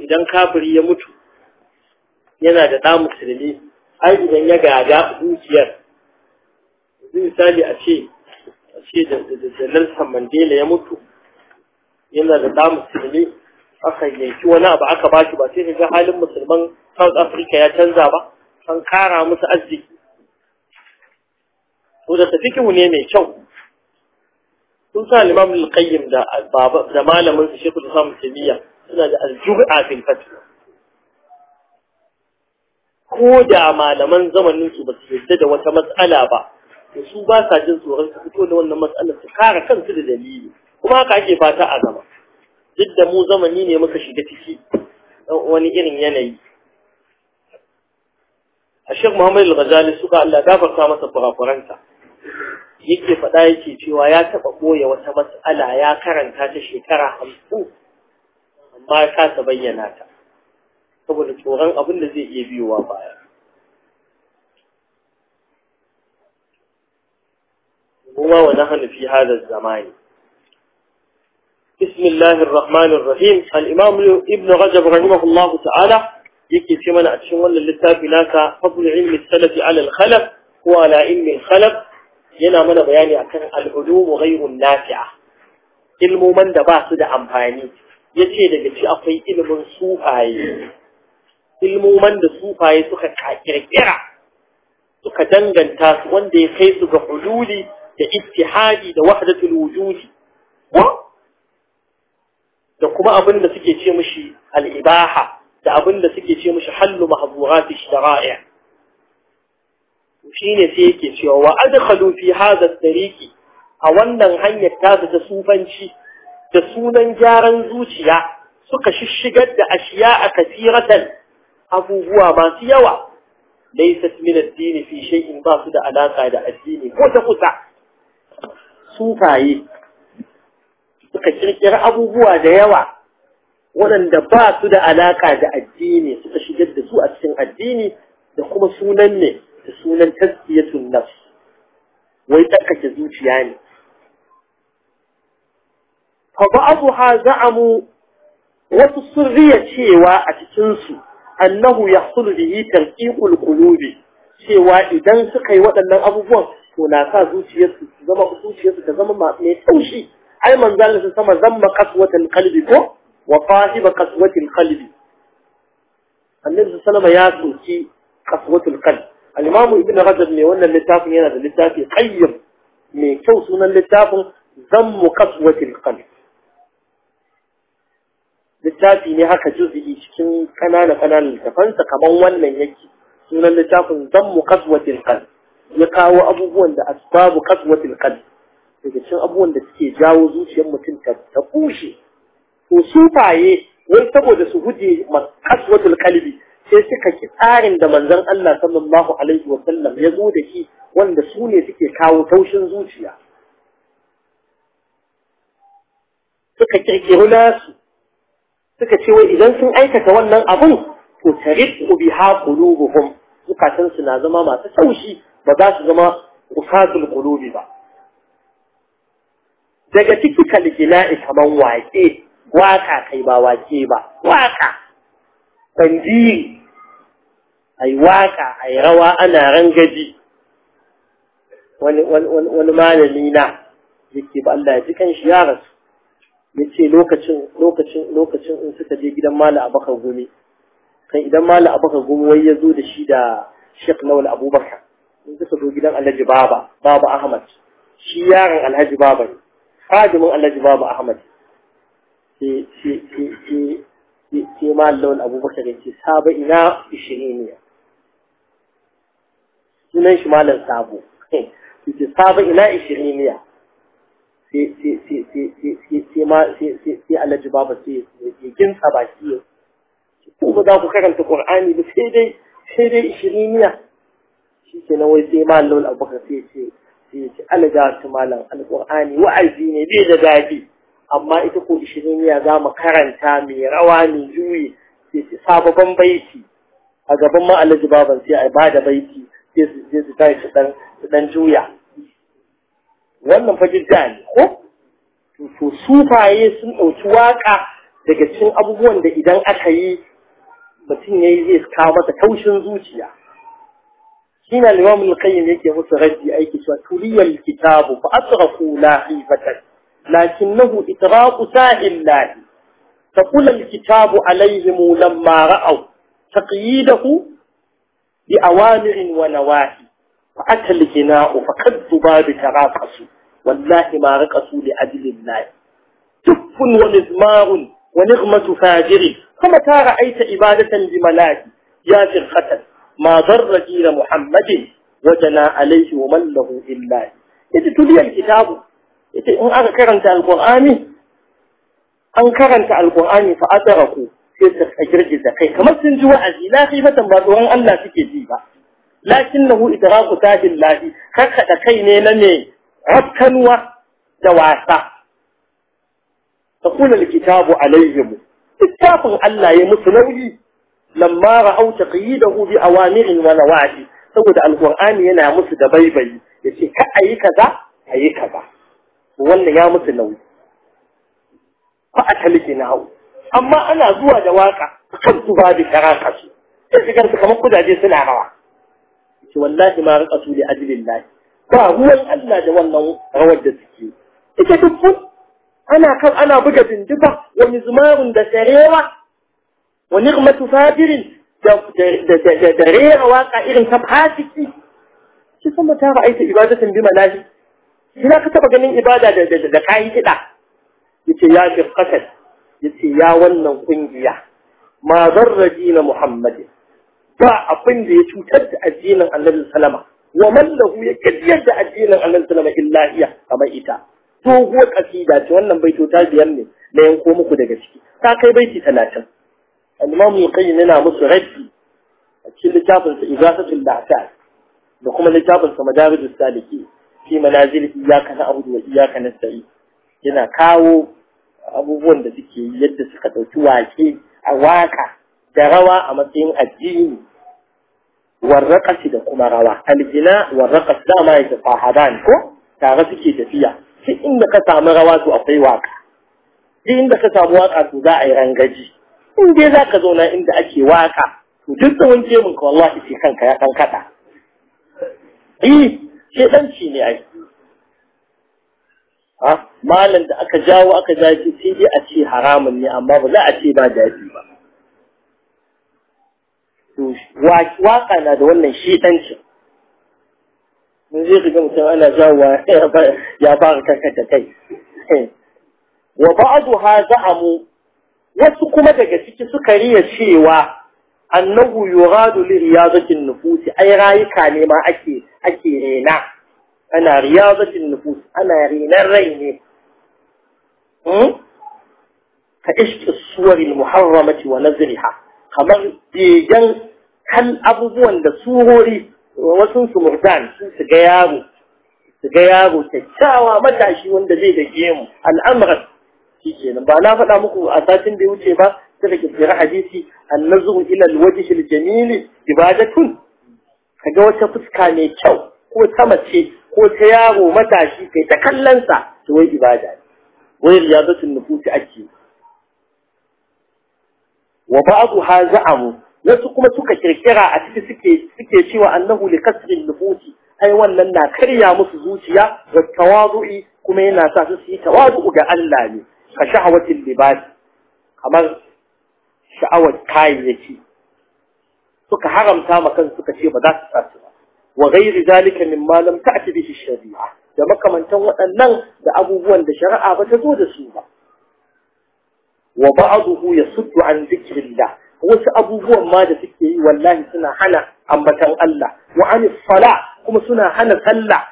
idan kafiri ya mutu yana da ɗa musulmi ai idan ya gada dukiyar misali a ce a ce da Nelson Mandela ya mutu yana da ɗa musulmi aka yanki wani abu aka ba shi ba sai ka ga halin musulman South Africa ya canza ba an kara musu arziki to da ne mai kyau sun sa Limamin al da da malamin su Sheikhul Islam suna da al a fil fatwa ko da malaman zamanin su ba su yarda da wata matsala ba to su ba sa jin tsoron su fito da wannan matsalar su kare kansu da dalili kuma haka ake fata a gaba duk da mu zamani ne muka shiga ciki wani irin yanayi a shek muhammad al-ghazali suka allah gafarta masa kurakuranta yake faɗa yake cewa ya taɓa ɓoye wata matsala ya karanta ta shekara hamsin amma ya kasa bayyana ta saboda tsoron abin da zai iya biyowa baya kuma wa nahnu fi hadha zamani بسم الله الرحمن الرحيم الإمام ابن رجب رحمه الله تعالى يكي في من أتشن ولا للتاب ناسا فضل علم السلف على الخلف هو على علم الخلف ينا من بياني أكن العلوم غير النافعة علم من دباس دعم هاني يتي لكي أقي علم سوهاي ilmoman da sufaye suka kakirkira suka danganta su wanda ya kai su ga hududi da ittihadi da wahdatul wujudi da kuma abin da suke ce mishi al-ibaha da abin da suke ce mishi hallu mahdhurati shara'i shine sai yake cewa wa adkhalu fi hadha at-tariqi a wannan hanyar ta ta sufanci da sunan gyaran zuciya suka shishigar da ashiya a kasiratan abubuwa masu yawa laysat min ad-din fi shay'in ba su da alaka da addini ko ta kusa sufaye suka kirkira abubuwa da yawa waɗanda ba su da alaka da addini suka shigar da su a cikin addini da kuma sunan ne da sunan tazkiyatun nafs wai tsarkake zuciya ne fa ha za'amu wasu sun cewa a cikin su annahu ya yahsulu bihi tarqiqul qulubi cewa idan suka yi waɗannan abubuwan to na sa zuciyarsu su zama zuciyarsu ta zama mai taushi ai manzo Allah sama zamma qaswatul qalbi ko wa fahiba qaswatul qalbi annabi sallama ya soki qaswatul qalbi al-imam ibn rajab ne wannan littafin yana da littafi qayyim mai kyau sunan littafin zammu qaswatul qalbi littafi ne haka juz'i cikin kanana da littafansa kaman wannan yake sunan littafin zanmu kaswatin kan ya kawo abubuwan da asbabu kaswatin kan daga cikin abubuwan da suke jawo zuciyar mutum ta bushe to faye wai saboda su huje kaswatul ƙalbi, sai suka ki tsarin da manzon Allah sallallahu alaihi wa sallam ya zo da shi wanda su ne suke kawo taushin zuciya suka kirkiri nasu suka ce wai idan sun aikata wannan abun to tariqu ha kulubuhum zukatan su na zama masu taushi ba za su zama qusatul kulubi ba daga ciki kalgina'i kaman wake waka kai ba wake ba waka tanjiri ai waka ai rawa ana rangaji wani wani wani malami na yake ba Allah ya ji kan shi ya rasu ya ce lokacin lokacin lokacin in suka je gidan mala abakar gumi kan idan mala abakar gumi wai ya zo da shi da shek lawal abubakar in suka zo gidan alhaji baba baba ahmad shi yaron alhaji baba ne alhaji baba ahmad ke ke ke ke ke mala lawal abubakar ya ce saba ina ishiriniya sunan shi malam sabo ke saba ina ishiriniya sai alhaji baba sai ya kinsa baki ko ba za ku karanta qur'ani ba sai dai sai dai ishiriniya shi ke nan wai sai malam lawal abubakar sai ce sai ce alaga ta malam Alƙur'ani. wa'azi ne bai da dadi amma ita ko ishiriniya za mu karanta mai rawa mai juyi sai ce sababban baiti a gaban ma alhaji baban sai a bada baiti sai su sai su tashi dan dan juya wannan fajin da ne ko to sufaye sun ɗauki waƙa daga cikin abubuwan da idan aka yi mutum ya zai kawo masa taushin zuciya shi na al-qayyim yake musu raddi aiki cewa turiyar kitabu fa asrafu la hifatan lakinnahu itraqu sa'il lahi فقل الكتاب عليهم لما رأوا تقييده بأوامر ونواهي فأتى الجناء فقد ذباب تراقصوا والله ما رقصوا لأجل الله تف ومزمار ونغمة فاجر فمتى رأيت عبادة لملاك يا فرخة ما ضر دين محمد وجنا عليه ومن له إلا إذا تلي الكتاب إذا أنك القرآن an karanta alkur'ani كيف ataraku sai su girgiza kai لا خيفة ji wa'azi na kai Lakin lakinnahu idraku tahillahi kakkada kai ne na mai rafkanuwa da wasa taqulu alkitabu alaihim littafin Allah ya musu nauyi lamma da taqidahu bi wamirin wa nawahi saboda alqur'ani yana musu da baibayi yace ka ayi kaza ayi kaza wannan ya musu nauyi fa na hau. amma ana zuwa da waka kan su babu karaka su sai shigar su kamar kudaje suna rawa ce wallahi ma raka su li ba ruwan Allah da wannan rawar da suke ita dukkan ana kan ana buga dindiba wa mizmarun da sarewa wa ni'matu fadirin da da da rera waka irin ta fasiki shi kuma ta ra'aita ibadatan bi malahi shi ka taba ganin ibada da da da kai kida yace ya firqatan yace ya wannan kungiya ma zarra dina muhammadin ba abin da ya cutar da addinin annabi sallama wa man lahu ya kiyar da addinin annabi sallama illa iya kamar ita doguwar kasida ce wannan bai ta biyar ne na yanko muku daga ciki ta kai baiti talatin al-imam al musu raddi a cikin littafin sa igasatul da kuma littafin sa madarijus saliki fi manazil iyyaka na'budu wa iyyaka nasta'in yana kawo abubuwan da suke yadda suka dauki wake a waka da rawa a matsayin addini warraƙasi da kuma rawa aljina warraƙas dama yake fahadan ko tare suke tafiya duk inda ka samu rawa to akwai waka duk inda ka samu waka to za a yi rangaji in dai za ka zauna inda ake waka to duk tsawon jemin ka wallahi ce kanka ya ɗan kaɗa eh ci ne ai malam da aka jawo aka jawo sai dai a ce haramun ne amma ba za a ce ba daɗi ba waka na da wannan shiɗancin mun zai ga mutum ana jawowa ya fara karkar da kai wa ba'adu ha za'amu wasu kuma daga ciki suka riya cewa annahu yuradu li riyadatin nufusi ai rayuka ne ma ake ake rena ana riyadatin nufusi ana renan rai ne hmm? ka ishki suwar muharramati wa nazriha kamar begen Kan abubuwan da suhori wasu su murdan su ga yaro su ga yaro kyakkyawa matashi wanda zai da gemu al'amuran shi nan ba na faɗa muku a satin da ya wuce ba da kirkira hadisi annazuru ila alwajhi aljamil ibadatun kaga wata fuska mai kyau ko ta mace ko ta yaro matashi kai ta kallansa to wai ibada ne wai riyadatul nufusi ake wa ba'du ha za'amu nasu kuma suka kirkira a cikin suke suke cewa annahu li kasrin nufusi ai wannan na karya musu zuciya da tawazu'i kuma yana sa su yi tawazu'u ga Allah ne ka sha'awatin libas kamar sha'awar kayyaki suka haramta ma kan suka ce ba za su sasu ba wa ghairi zalika mimma lam ta'ti bihi shari'a da makamantan waɗannan da abubuwan da shari'a ba ta zo da su ba wa ba'dahu yasuddu an dhikrillah wasu abubuwan ma da suke yi wallahi suna hana ambatan Allah wa an sala kuma suna hana sallah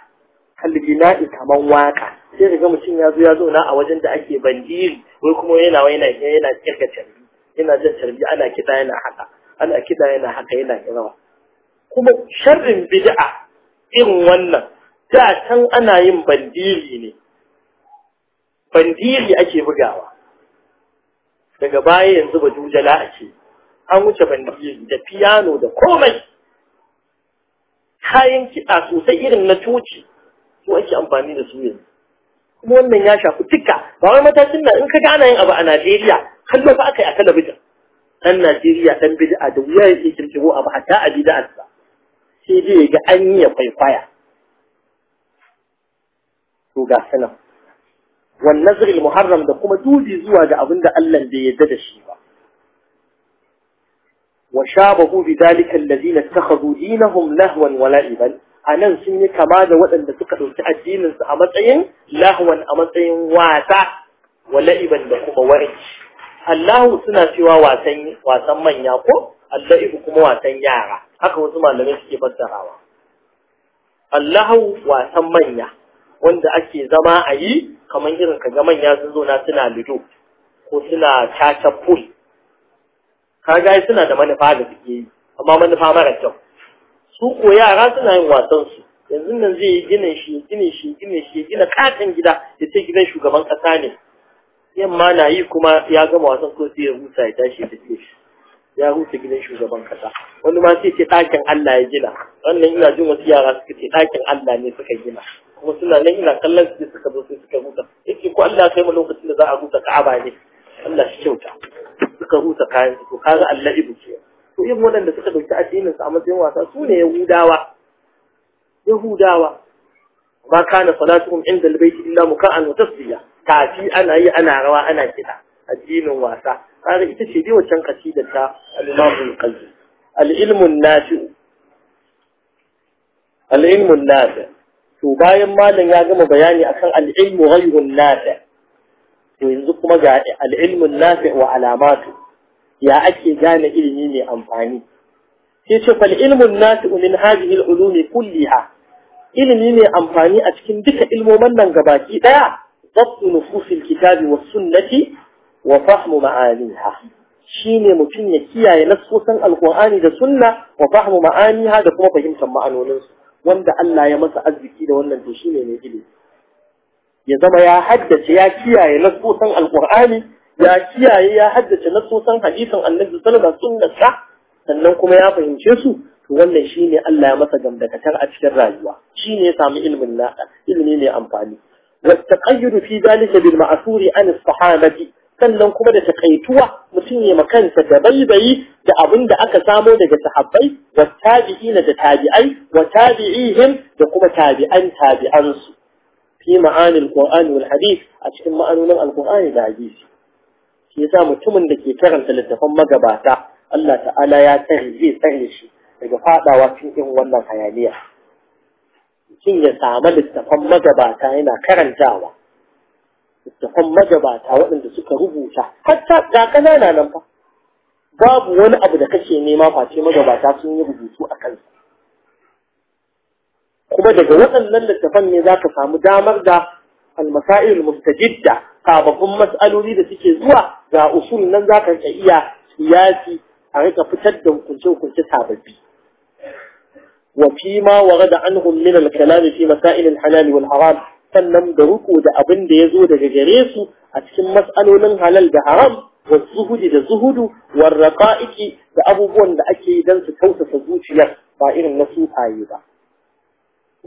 kalbina'i kaman waka sai kaga mutum ya zo ya zauna a wajen da ake bandiri wai kuma yana yana yana kirga tarbi yana jin tarbi ana kida yana haka ana kida yana haka yana kirawa kuma sharrin bid'a irin wannan da can ana yin bandiri ne bandiri ake bugawa daga baya yanzu ba jujala ake an wuce bandiri da piano da komai kayan kiɗa sosai irin na coci su ake amfani da su yanzu kuma wannan ya shafi duka ba wai matashin nan in ka gana yin abu a Najeriya kallon fa aka yi a talabijin dan Najeriya dan bid'a da wuya yake kirkiro abu hatta a bid'arsa sai dai ya ga an yi ya kwaikwaya to ga sanan wannan zuri muharram da kuma dubi zuwa ga abin da Allah bai yarda da shi ba وشابهوا بذلك الذين اتخذوا دينهم لهوا ولعبا أنا نسمي كما دوت أن تكتب الدين أمطين لهوا أمطين واتع ولعبا لكم ورش الله سنا سوى واتين واتمن يقو اللعبكم واتين يارا هكو سمع لنسي كبت دراوة الله واتمن wanda ake zama ayi kaman irin kaga manya sun zo na suna lido ko suna chacha pool kaga suna da manufa da suke yi amma manufa mara kyau su ko yara suna yin wasan su yanzu nan zai yi ginin shi gina shi gina shi gina katin gida da ce gidan shugaban kasa ne yamma na yi kuma ya gama wasan ko sai ya rusa ya tashi da ke shi ya rusa gidan shugaban kasa wani ma sai ce ɗakin Allah ya gina wannan ina jin wasu yara suka ce ɗakin Allah ne suka gina kuma suna nan ina kallon su suka zo sai suka rusa. yake ko Allah kai mu lokacin da za a rusa Ka'aba ne Allah shi kyauta suka rusa kayan su kaga Allah ibu ce to yin waɗanda suka dauki addinin su a matsayin wasa su ne yahudawa yahudawa ba kana salatuhum inda albayti illa muka'an wa tasbiya tafi ana yi ana rawa ana kiɗa addinin wasa kaga ita ce dai waccan kasidar ta al-Imam al qalbi al-ilmu an-nafi' al-ilmu an-nafi' to bayan malam ya gama bayani akan al-ilmu ghayru an-nafi' to yanzu kuma ga al-ilmu an-nafi' wa alamatu ya ake gane ilimi mai amfani sai ce fal ilmun nasu min hadhihi al-ulumi kulliha ilimi mai amfani a cikin duka ilmomin nan gabaki daya dabtu nufusil kitabi was sunnati wa fahmu ma'aniha shine mutum ya kiyaye nassosan alqur'ani da sunna wa fahmu ma'aniha da kuma fahimtar ma'anonin su wanda Allah ya masa arziki da wannan to shine ne ilimi ya zama ya haddace ya kiyaye nassosan alqur'ani ya kiyaye ya haddace nasosan hadisin annabi sallallahu alaihi wasallam sannan kuma ya fahimce su to wannan shine Allah ya masa gamdakatar a cikin rayuwa shine ya samu ilmin na ilmi ne amfani والتقيد في ذلك بالمعثور عن الصحابة sannan kuma da takaituwa mutum ya makansa da baibayi da abin da aka samo daga sahabbai wa tabi'ina da tabi'ai wa tabi'ihim da kuma tabi'an tabi'ansu fi ma'anil qur'ani wal hadith a cikin ma'anonin alqur'ani da hadisi shi yasa mutumin da ke karanta littafan magabata Allah ta'ala ya tsare zai tsare shi daga fadawa cikin wannan hayaniya Shin ya samu littafan magabata yana karantawa littafan magabata waɗanda suka rubuta hatta ga ƙanana nan fa babu wani abu da kake nema face magabata sun yi rubutu a kansa kuma daga waɗannan littafan ne za ka samu damar da المسائل المستجدة قابكم مسألوا لي ذا تيكي زوا ذا أصول ننزاك الشئية سياسي أغيك فتدهم كنش وكنش سابق وفيما وغد عنهم من الكلام في مسائل الحلال والحرام فنم دروكو ذا أبن دي زودة جريسو أتكم مسألوا لن هلال ذا حرام والزهود ذا زهود والرقائك ذا أبوبون ذا أكي دنس توسف الزوشية فائر النسوط آيبا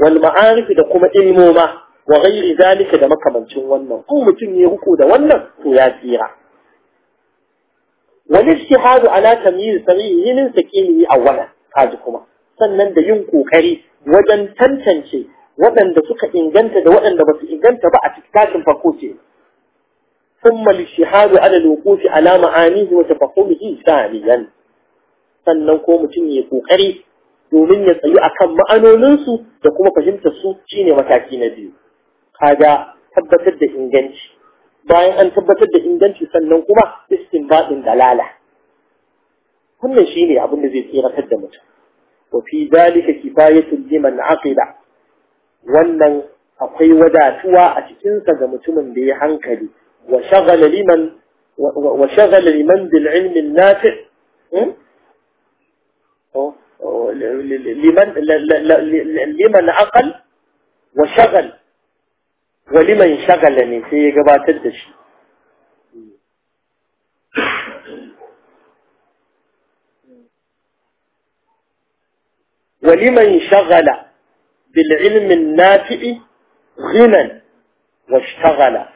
والمعارف ذا قم إلموما wa ghairi zalika da makamancin wannan ko mutum ne ruko da wannan to ya tsira wal ijtihadu ala tamyiz sahihin sakimi awwalan kaji kuma sannan da yin kokari wajen tantance waɗanda suka inganta da waɗanda ba su inganta ba a cikin farko ce ثم الاجتهاد على الوقوف على معانيه وتفهمه ثانيا sannan ko mutum ya kokari domin ya tsayu akan ma'anoninsu da kuma fahimtar su shine mataki na biyu kaga tabbatar da inganci bayan an tabbatar da inganci sannan kuma istinbadin dalala wannan shine abin da zai tsiratar da mutum wa fi zalika kifayatun liman aqida wannan akwai wadatuwa a cikin sa ga mutumin da ya hankali wa shagala liman wa shagala liman bil ilmi nafi' liman liman aqal wa shagala ولمن شغلني ne sai ya ولمن شغل بالعلم النافع غنى واشتغل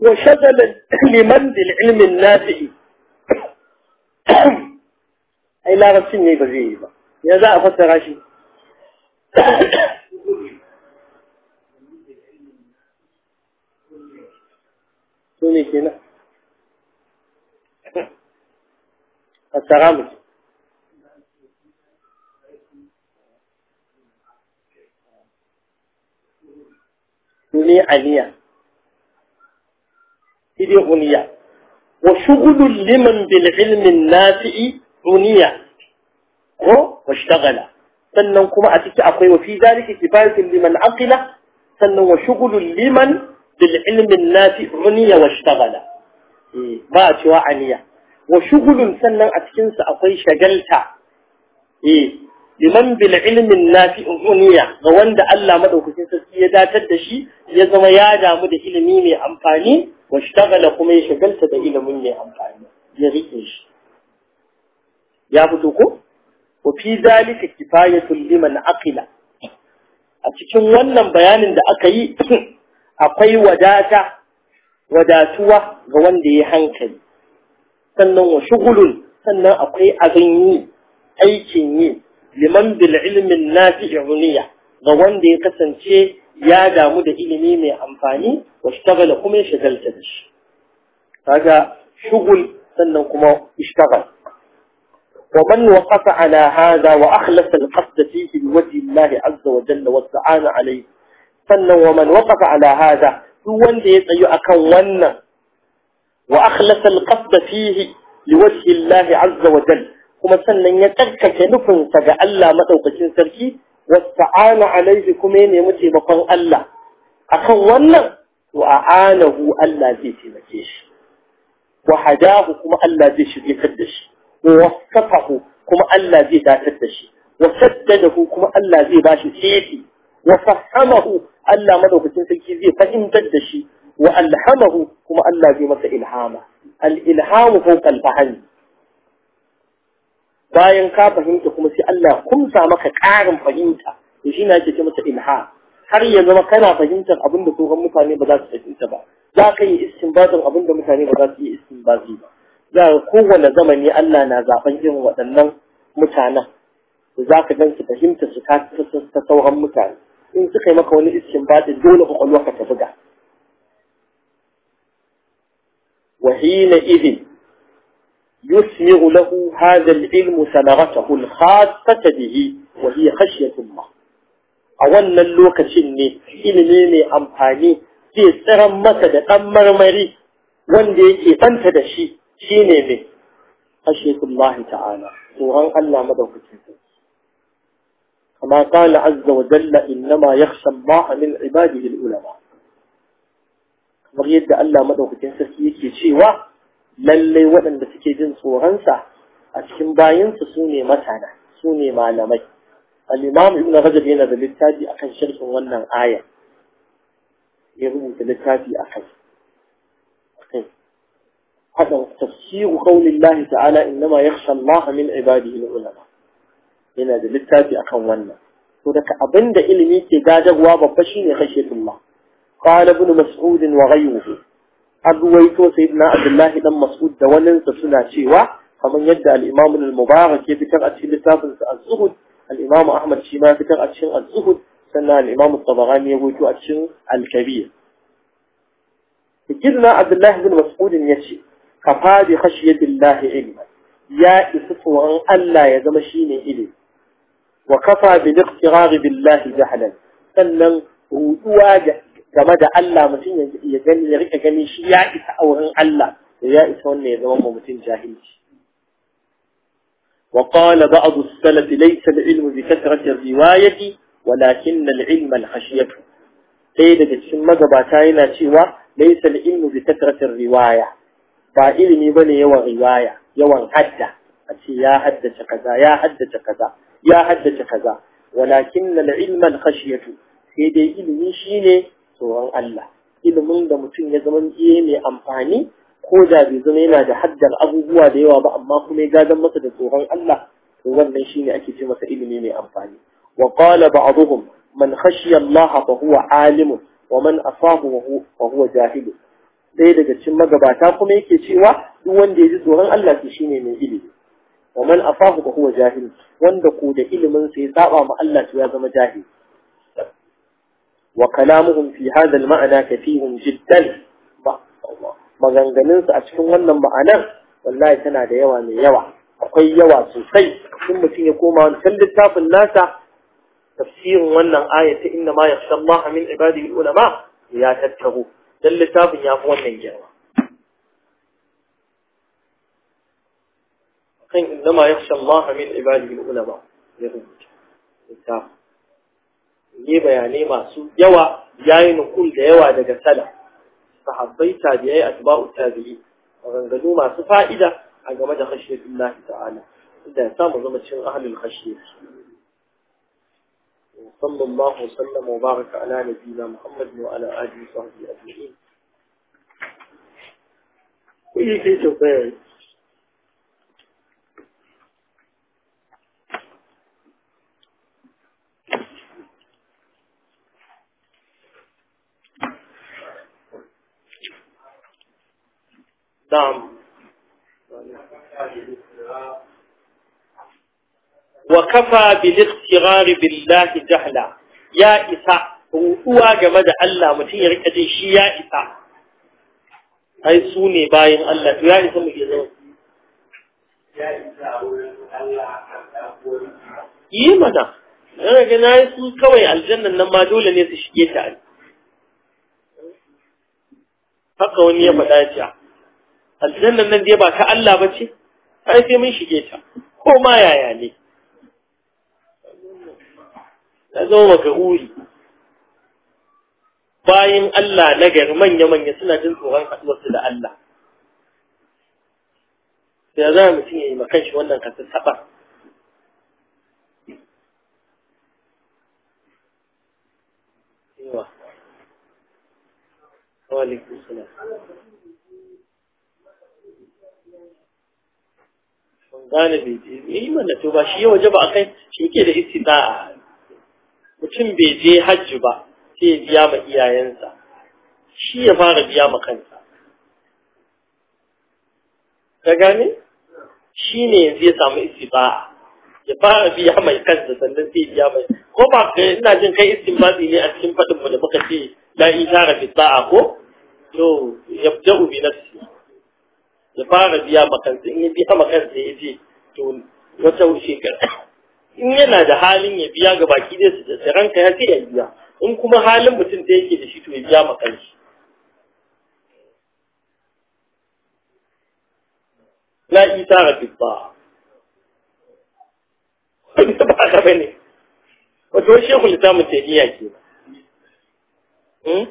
وشغل لمن بالعلم النافع إلا غبتين يبزيبا يزاء أخذت غاشي سوني كينا التغامل سوني عليا إذي غنيا وشغل لمن بالعلم النافئ دنيا هو واشتغل سنن كما اتيكي اكو وفي ذلك كفايه لمن عقل سنن وشغل لمن بالعلم النافع دنيا واشتغل ما تشوا عنيا وشغل سنن اتكنس اكو شغلتا لمن بالعلم النافع دنيا وعند الله مدوكي سكي يدا تدشي يا زما يا جامو ده علمي مي امفاني واشتغل كما يشغلته ده مي امفاني يا ريتش ya fito ko Ko fi zalika kifayatul liman aqila a cikin wannan bayanin da aka yi akwai wadata wadatuwa ga wanda ya hankali sannan wa shugulun sannan akwai abin yi aikin yi liman bil ilmin nafi'uniya ga wanda ya kasance ya damu da ilimi mai amfani wa shagala kuma ya shagalta da shi kaga shugul sannan kuma ishtagal ومن وقف على هذا وأخلص القصد فيه بوجه الله عز وجل والسعان عليه فنو ومن وقف على هذا هو الذي يؤكون وأخلص القصد فيه لوجه الله عز وجل كما سنة يتركك نفن سجاء الله مطوقة سركي والسعان عليه كمين يمتي بقر الله اكون وأعانه الله ذي في مكيش وحداه كما الله ذي في قدش ووفقه كما الله زي داتتشي وسدده كما الله زي باشي سيتي وفهمه الله مدوك تنسكي زي فإن تدشي وألحمه كما الله زي مسا إلحامه الإلحام فوق البحن باين كابهمت كما سي الله كمسا مكا كارم فهمتا يجينا جي مسا إلحام حريا زما كنا فهمتا أبندكو غمتاني بدات فهمتا با ذاكي استنباطا أبندكو غمتاني بدات استنباطي با za ga kowane zamani Allah na zaben irin waɗannan mutanen da za ka gan su fahimta su ta sauran mutane in suka yi maka wani iskin baɗin dole kwakwalwa ka ta buga وحين إذ يثمر له هذا العلم ثمرته الخاصة به وهي خشية الله أولا اللوكة شني إلميني أمحاني في سرم مسد أمر مري وانده يتنتد شيء شيني من خشيت الله تعالى سوران الله مدوك كما قال عز وجل إنما يخشى الله من عباده الأولماء مريد ألا الله مدوك تنسس يكي شيوا للي ودن بسكي جن سورانسا أتكن باين سوني مسانا سوني مانا مي الإمام ابن غزب هنا بالتاجي أخي شرح ونن آية يغبو بالتاجي أخي هذا تفسير قول الله تعالى إنما يخشى الله من عباده العلماء هنا ده للتاتي أكون ونا أبند إلمي تجاجب واببشين خشية الله قال ابن مسعود وغيره أبويت سيدنا عبد الله بن مسعود دولن سسنا شيوا فمن يدعى الإمام المبارك يذكر أتشي لتاتن الزهد الإمام أحمد شيما يذكر أتشي الزهد سنة الإمام الطبراني يقول أتشي الكبير سيدنا عبد الله بن مسعود يشي kafadi bi khashiyatillahi ilma ya isa Allah ya zama shine ilmi wa kafa bi iqtirari billahi jahlan sannan ruduwa game da Allah mutun ya gani ya rika gani shi ya isa auren Allah ya isa wannan ya zama mutun jahili wa qala as-salaf laysa al-ilm bi kathrat riwayati walakin al-ilm al الرواية sai daga cikin magabata yana cewa laysa al-ilm bi kathrat riwayah ba ilimi ba ne yawan riwaya yawan hadda a ce ya haddace kaza ya haddace kaza ya haddace kaza walakin al-ilma khashiyatu sai dai ilimi shine tsoron Allah ilimin da mutum ya zama iye mai amfani ko da bai zama yana da haddar abubuwa da yawa ba amma kuma ya gadon masa da tsoron Allah to wannan shine ake ce masa ilimi mai amfani wa qala ba'dhum man khashiya Allah fa huwa alim wa man asahu wa huwa jahil ɗaya daga cikin magabata kuma yake cewa duk wanda ya ji tsoron Allah shi shine mai ilimi wa man afahu fa huwa jahil wanda ko da ilimin sa ya saba ma Allah ya zama jahil wa kalamuhum fi hadha al-ma'na kathirun jiddan maganganun su a cikin wannan ma'anar wallahi tana da yawa mai yawa akwai yawa sosai in mutum ya koma wancan littafin nasa tafsirin wannan aya ta inna ma yakhsha Allah min ibadihi ulama ya tattaro don littafin ya fi wannan girma kan inda ma ya fi Allah min ibadihi ulama ya rubuta littafin ne bayanai masu yawa yayi nukul da yawa daga salaf sahabbai tabi'ai atba'u tabi'i maganganu masu fa'ida a game da khashiyatullahi ta'ala da samu zama cikin ahlul khashiyati صلى الله وسلم وبارك على نبينا محمد وعلى آله وصحبه أجمعين ويجي كي تبين نعم wa kafa bil istighari billahi jahla ya isa ruduwa game da Allah mutum ya rika jin shi ya isa ai su ne bayan Allah to ya isa mu ke zama ya isa wurin Allah kan yi mana yana ga na su kawai aljannan nan ma dole ne su shige ta ai haka wani ya faɗa ce aljannan nan dai ba ta Allah ba ce ai sai mun shige ta ko ma yaya ne zo zama magaruri bayan Allah na gari manya-manya suna jin tsoron haɗuwarsu da Allah sai za mutum ya yi makan shi wannan kasar saba gane bai yi mana to ba shi ya ba a kai shi ke da istida'a mutum bai je hajji ba sai ya biya ma iyayensa shi ya fara biya ma kansa ka gane shi ne yanzu ya samu istiba'a ya fara biya mai kansa sannan sai biya mai ko ba ka ina jin kai istinbati ne a cikin fadin mu da muka ce la ishara bi a ko to yabda'u na su ya fara biya ma kansa in ya biya ma kansa ya ce to wata shekara in yana da halin ya biya ga baki dai su da ranka ya sai ya biya in kuma halin mutum da yake da shi to ya biya ma kanshi la isa ga tibba wanda ba ka ne wato shehu lisamu iya ke hmm?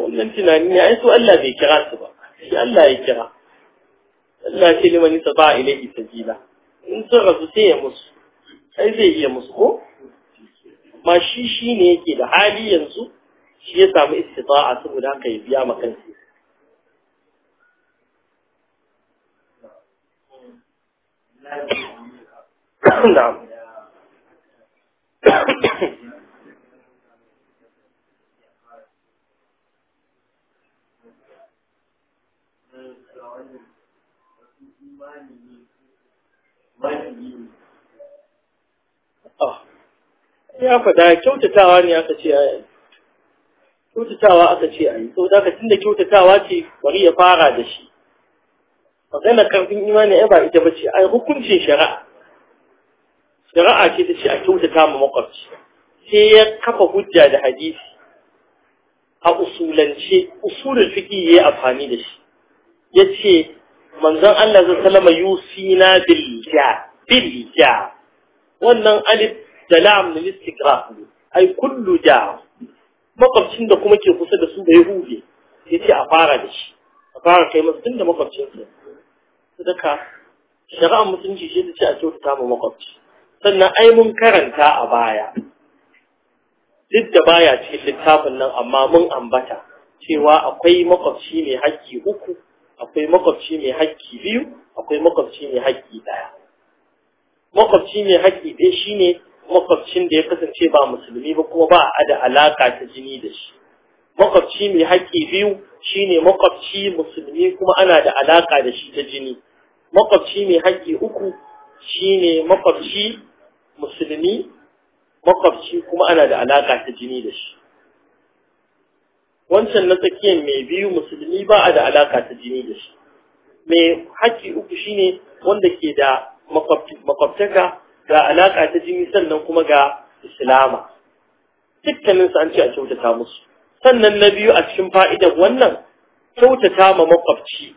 wannan tunani ne ai su Allah bai kira su ba shi Allah ya kira Allah ce liman nisa ba ilaihi sabila in sun rasu sai ya musu ai zai iya musu ko ma shi shi ne yake da hali yanzu shi ya samu istita'a saboda haka ya biya makan shi na'am Ah, ya fada kyautatawa ne aka ce a kyautatawa aka ce a yi sau da tun da kyautatawa ce bari ya fara da shi magana karfin imani ya ba ita bace a hukuncin shari'a shari'a ce ta ce a kyautata ma makwabci sai ya kafa hujja da hadisi a usulance usulul ya yayi amfani da shi ce. manzon Allah zai salama yusina bil ja bil ja wannan alif da lam na istigraf ne ai kullu ja makwabcin da kuma ke kusa da su bai ya yace a fara da shi a fara kai masa tunda makwabcin sa sadaka shari'ar mutunci shi da ce a kyautata ma makwabci sannan ai mun karanta a baya duk da baya cikin littafin nan amma mun ambata cewa akwai makwabci ne hakki uku akwai makwabci mai haƙƙi biyu akwai makwabci mai haƙƙi ɗaya makwabci mai haƙƙi ɗaya shine makwabcin da ya kasance ba musulmi ba kuma ba a da alaka ta jini da shi makwabci mai haƙƙi biyu shine makwabci musulmi kuma ana da alaka da shi ta jini makwabci mai haƙƙi uku shine makwabci musulmi makwabci kuma ana da alaka ta jini da shi wancan na tsakiyar mai biyu musulmi ba a da alaka ta jini da shi mai haƙƙi uku shine wanda ke da makwabtaka ga alaka ta jini sannan kuma ga islama dukkanin an ce a kyautata musu sannan na biyu a cikin fa'idan wannan kyautata ma makwabci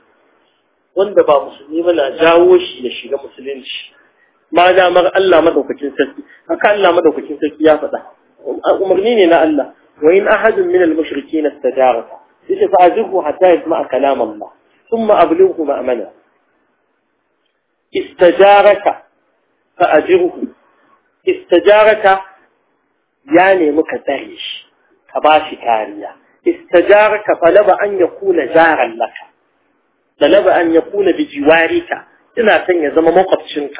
wanda ba musulmi ba na jawo shi ya shiga musulunci ma Allah madaukakin sarki haka Allah madaukakin sarki ya faɗa umarni ne na Allah وإن أحد من المشركين استجارك إذا حتى يسمع كلام الله ثم أبلغه مأمنا استجارك فأجره استجارك يعني مكتريش كباشي كاريا استجارك طلب أن يكون جارا لك طلب أن يكون بجوارك إلا تنيا زم مقبشنك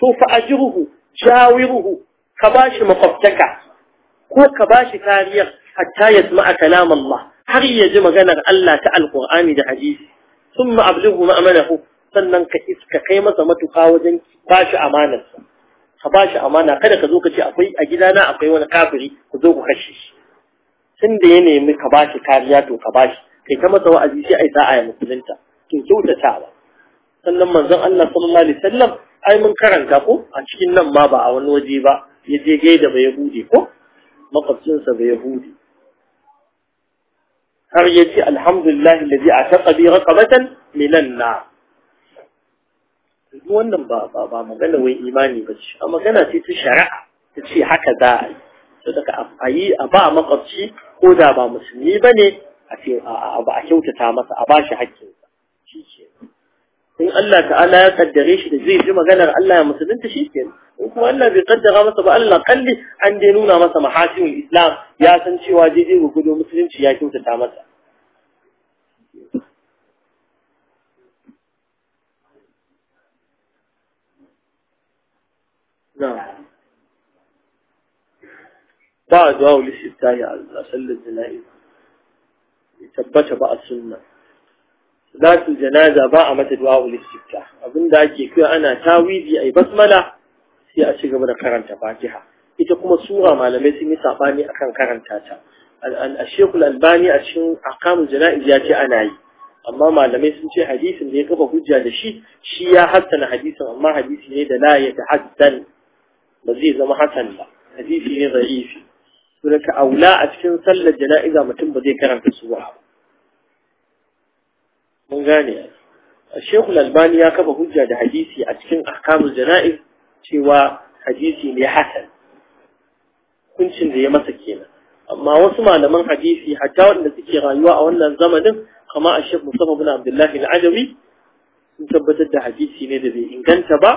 سوف أجره جاوره كباشي مقبتك ko كباشي ba hatta yasma'a kalam Allah har ya ji maganar Allah ta Alƙur'ani da hadisi thumma ablighu ma'amanahu sannan ka iska kai masa matuka wajen bashi amanarsa ka bashi amana kada ka zo ka ce akwai a gidana akwai wani kafiri ku zo ku kashe shi tun da ya nemi ka bashi kariya to ka bashi kai ta masa wa'azi sai ai sa'a ya musulunta to kyautatawa sannan manzon Allah sallallahu alaihi wasallam ai mun karanta ko a cikin nan ma ba a wani waje ba ya je gaida bai yahudi ko makwabcinsa bai yahudi har ya na alhamdulillah a ataqa bi raqabatan minan na wannan ba ba ba magana wai imani ba ce a magana ce ta shari'a ta ce haka za a yi to daga a yi a ba makwabci ko da ba musulmi ba ne a ba a kyautata masa a ba shi haƙƙinsa in Allah ta'ala ya kaddare shi da zai ji maganar Allah ya musulunta shi ke in kuma Allah bai kaddara masa ba Allah kalli an dai nuna masa mahasimul islam ya san cewa daidai ga gudu musulunci ya kyautata masa ba a zuwa wuli shi ta yi a sallar jana'i tabbata ba a sunna su janaza ba a mata du'a ul Abin abinda ake kira ana tawidi yi basmala sai a ci gaba da karanta fatiha ita kuma sura malamai sun yi sabani akan karanta ta A shekul albani a cikin ahkamul janaiz ya ce ana yi amma malamai sun ce hadisin da ya kafa hujja da shi shi ya hassana hadisin amma hadisi ne da la ya tahaddan ba zai zama hasan ba hadisi ne da'ifi ka aula a cikin sallar jana'iza mutum ba zai karanta sura ba mun gane shehu Al-Albani ya kafa hujja da hadisi a cikin ahkamul jana'iz cewa hadisi ne hasan hukuncin da ya masa kenan amma wasu malaman hadisi hatta wanda suke rayuwa a wannan zamanin kama a Sheikh musamman bin na Al-Ajawi sun tabbatar da hadisi ne da bai inganta ba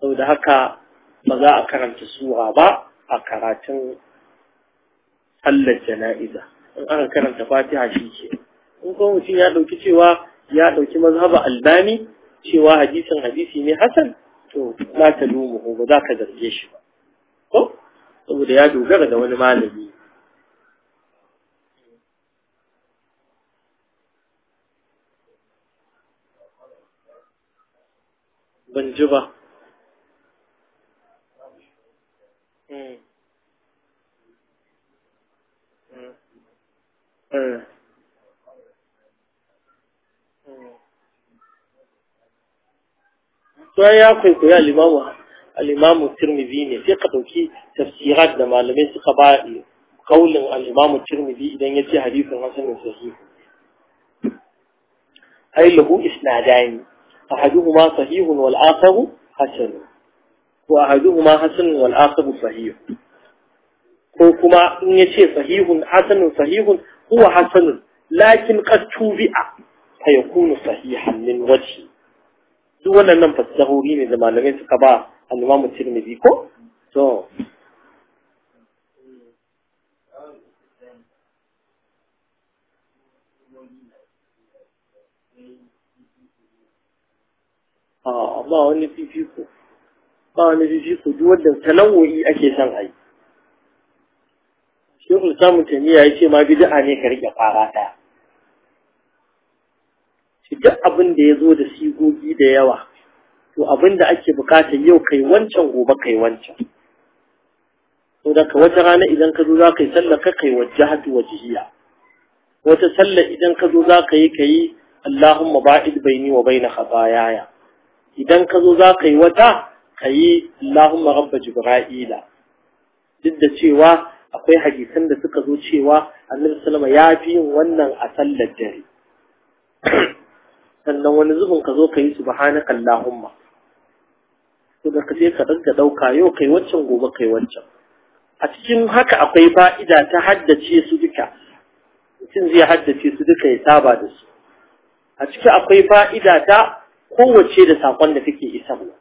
saboda haka ba za a karanta sura ba a karatun sallar jana'iza in aka karanta fatiha shi ke in kuma mutum ya ɗauki cewa ya ɗauki mazhaba albani cewa hadisin hadisi ne hasan to na ta ko ba za ka zarge shi ba ko saboda ya dogara da wani malami ban ji ba Mm. Mm. to ya kwaikwaya al-imamu al-imamu tirmidhi ne sai ka dauki tafsirat da malamai suka ba kaulin al-imamu tirmidhi idan yace hadisin hasan sahih ai lahu isnadani ahaduhuma sahihun wal akharu hasan wa ahaduhuma hasan wal akharu sahih ko kuma in yace sahihun hasan sahihun huwa hasan lakin qad tubi'a fayakunu sahihan min wajhi duk nan fassarori ne da malamai suka ba al-Imam biyu ko so a ba wani fifiko ba wani fifiko duk wadda tanawu'i ake son a yi shekul samun tamiya ya ce ma bid'a ne ka rike fara ɗaya duk abin da ya zo da sigogi da yawa to abin da ake bukata yau kai wancan gobe kai wancan to daga wata rana idan ka zo za ka yi sallar ka kai wa wajhiya wata sallar idan ka zo za ka yi ka yi Allahumma ba'id baini wa baina khataayaya idan ka zo za ka yi wata ka yi Allahumma rabba jibra'ila duk da cewa akwai hadisan da suka zo cewa annabi sallama ya fi yin wannan a sallar dare sannan wani zubin ka zo ka yi subhanaka allahumma to da ka je ka dinga dauka yau kai waccan gobe kai waccan a cikin haka akwai fa'ida ta haddace su duka mutum zai haddace su duka ya saba da su a ciki akwai fa'ida ta kowace da sakon da take isarwa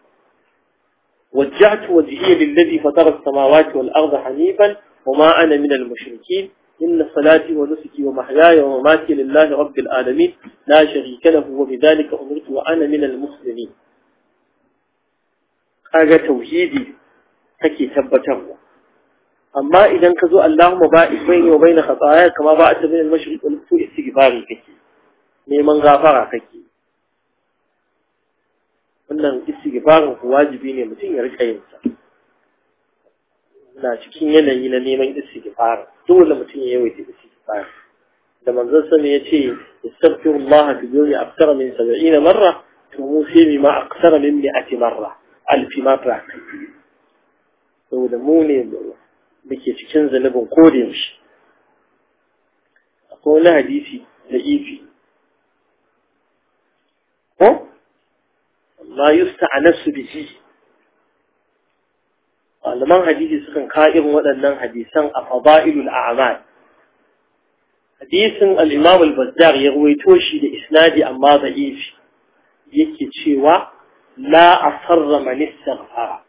wajjahtu wajhiya lillazi fatara as-samawati wal arda hanifan wa ma ana minal mushrikin إن صلاتي ونسكي ومحياي ومماتي لله رب العالمين لا شريك له وبذلك أمرت وأنا من المسلمين kaga tauhidi تكي tabbatarwa amma idan ka zo Allahumma ba'id وبين خطايا كما khataaya kama ba'at min al كي wal غافر كي neman gafara wannan istighfarin ku wajibi ne mutum ya rika yin sa na cikin yanayi na neman istighfarin dole mutum ya yawaita istighfar da manzon sa ya ce astaghfirullah fi yawmi akthara min 70 marra to mu sai bi ma akthara min 100 marra alf marra saboda mu ne muke cikin zalubin kode mishi akwai wani hadisi da ifi ko ma yusta a nafsu bihi malaman hadisi sukan ka irin waɗannan hadisan a fada'ilul a'mal hadisin al-imam al-bazzar ya ruwaito shi da isnadi amma da'if yake cewa la asarra man istaghfara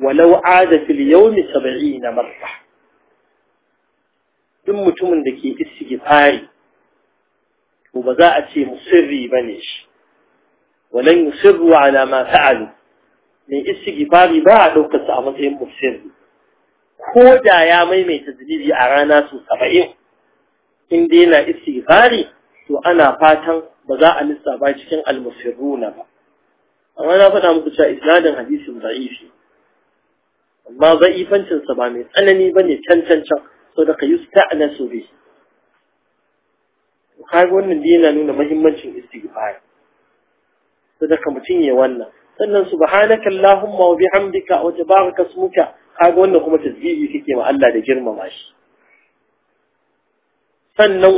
walau ada fil yawmi 70 marra duk mutumin da ke istighfari to ba za a ce musirri bane shi walan yusirru ala ma fa'alu mai istigifari ba a ɗaukar sa a matsayin mufsir ko da ya maimaita zunubi a rana su saba'in in dai na istigifari, to ana fatan ba za a ba cikin na ba amma na faɗa muku cewa isnadin hadisin za'ifi amma za'ifancin sa ba mai tsanani ne can can can so da ka su bi kaga wannan dai yana nuna muhimmancin istighfari so da mutum wannan sannan subhanaka allahumma wa bihamdika wa tabaraka ismuka kaga wannan kuma tasbihi kike ma Allah da girmama shi sannan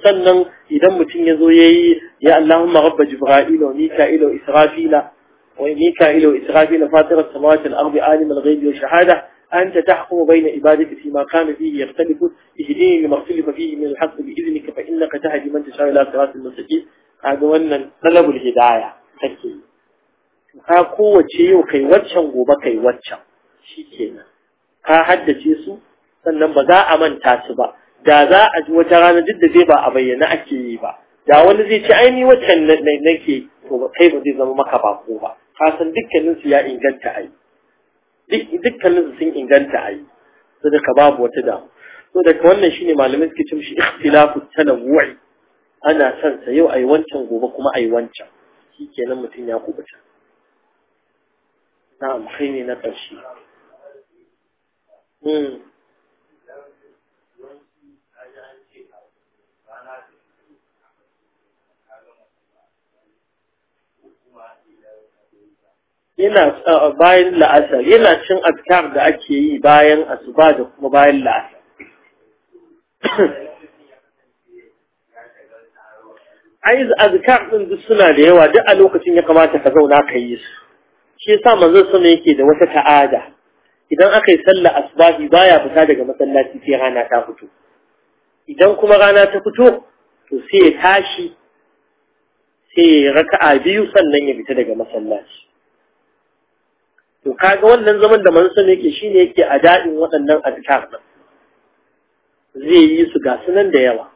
sannan idan mutum yazo yayi ya Allahumma rabba jibril wa mika'il wa israfil wa mika'il wa israfil fatir as-samawati wal-ardi alim al ghayb wa shahada anta tahkum bayna ibadati ma kana fihi yakhtalifu ihdini lima ikhtalafa fihi min al-haqq bi idhnika fa innaka tahdi man tashaa ila siratin mustaqim kaga wannan talabul hidayah take ka kowace yau kai waccan gobe kai waccan shi kenan ka haddace su sannan ba za a manta su ba da za a ji wata rana duk da zai ba a bayyana ake yi ba da wani zai ce ai ni waccan nake to kai ba zai zama maka bako ba ka san dukkanin su ya inganta ai dukkanin su sun inganta ai yi. da ka babu wata damu so da ka wannan shine malamin suke ce shi ikhtilafu tanawwu'i ana son sa yau ai wancan gobe kuma ai wancan shikenan mutum ya kubuta na'am kai ne na ƙarshe hmm. yana uh, bayan la'asar yana cin azkar da ake yi bayan asuba da kuma bayan la'asar ai azkar ɗin duk suna da yawa duk a lokacin ya kamata ka zauna ka yi su shi yasa manzo sama yake da wata ta'ada idan aka yi sallar asbahi baya fita daga masallaci sai rana ta fito idan kuma rana ta fito to sai ya tashi sai ya raka'a biyu sannan ya fita daga masallaci to kaga wannan zaman da manzo sama yake shine yake a daɗin waɗannan azkar zai yi su ga sunan da yawa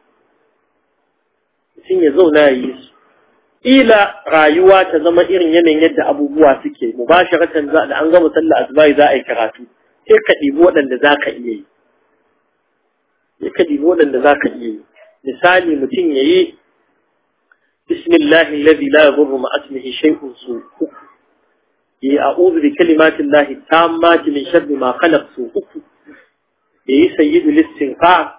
mutum ya zauna ya yi su ila rayuwa ta zama irin yanayin yadda abubuwa suke mu ba ratan za da an gama sallah azbai za a yi karatu sai ka ɗibi waɗanda za ka iya yi sai ka ɗibi waɗanda za ka iya yi misali mutum ya yi bismillahi alladhi la yadhurru ma ismihi shay'un su uku yi a'udhu bi kalimati llahi tammati min sharri ma khalaq su uku yi sayyidul istinqa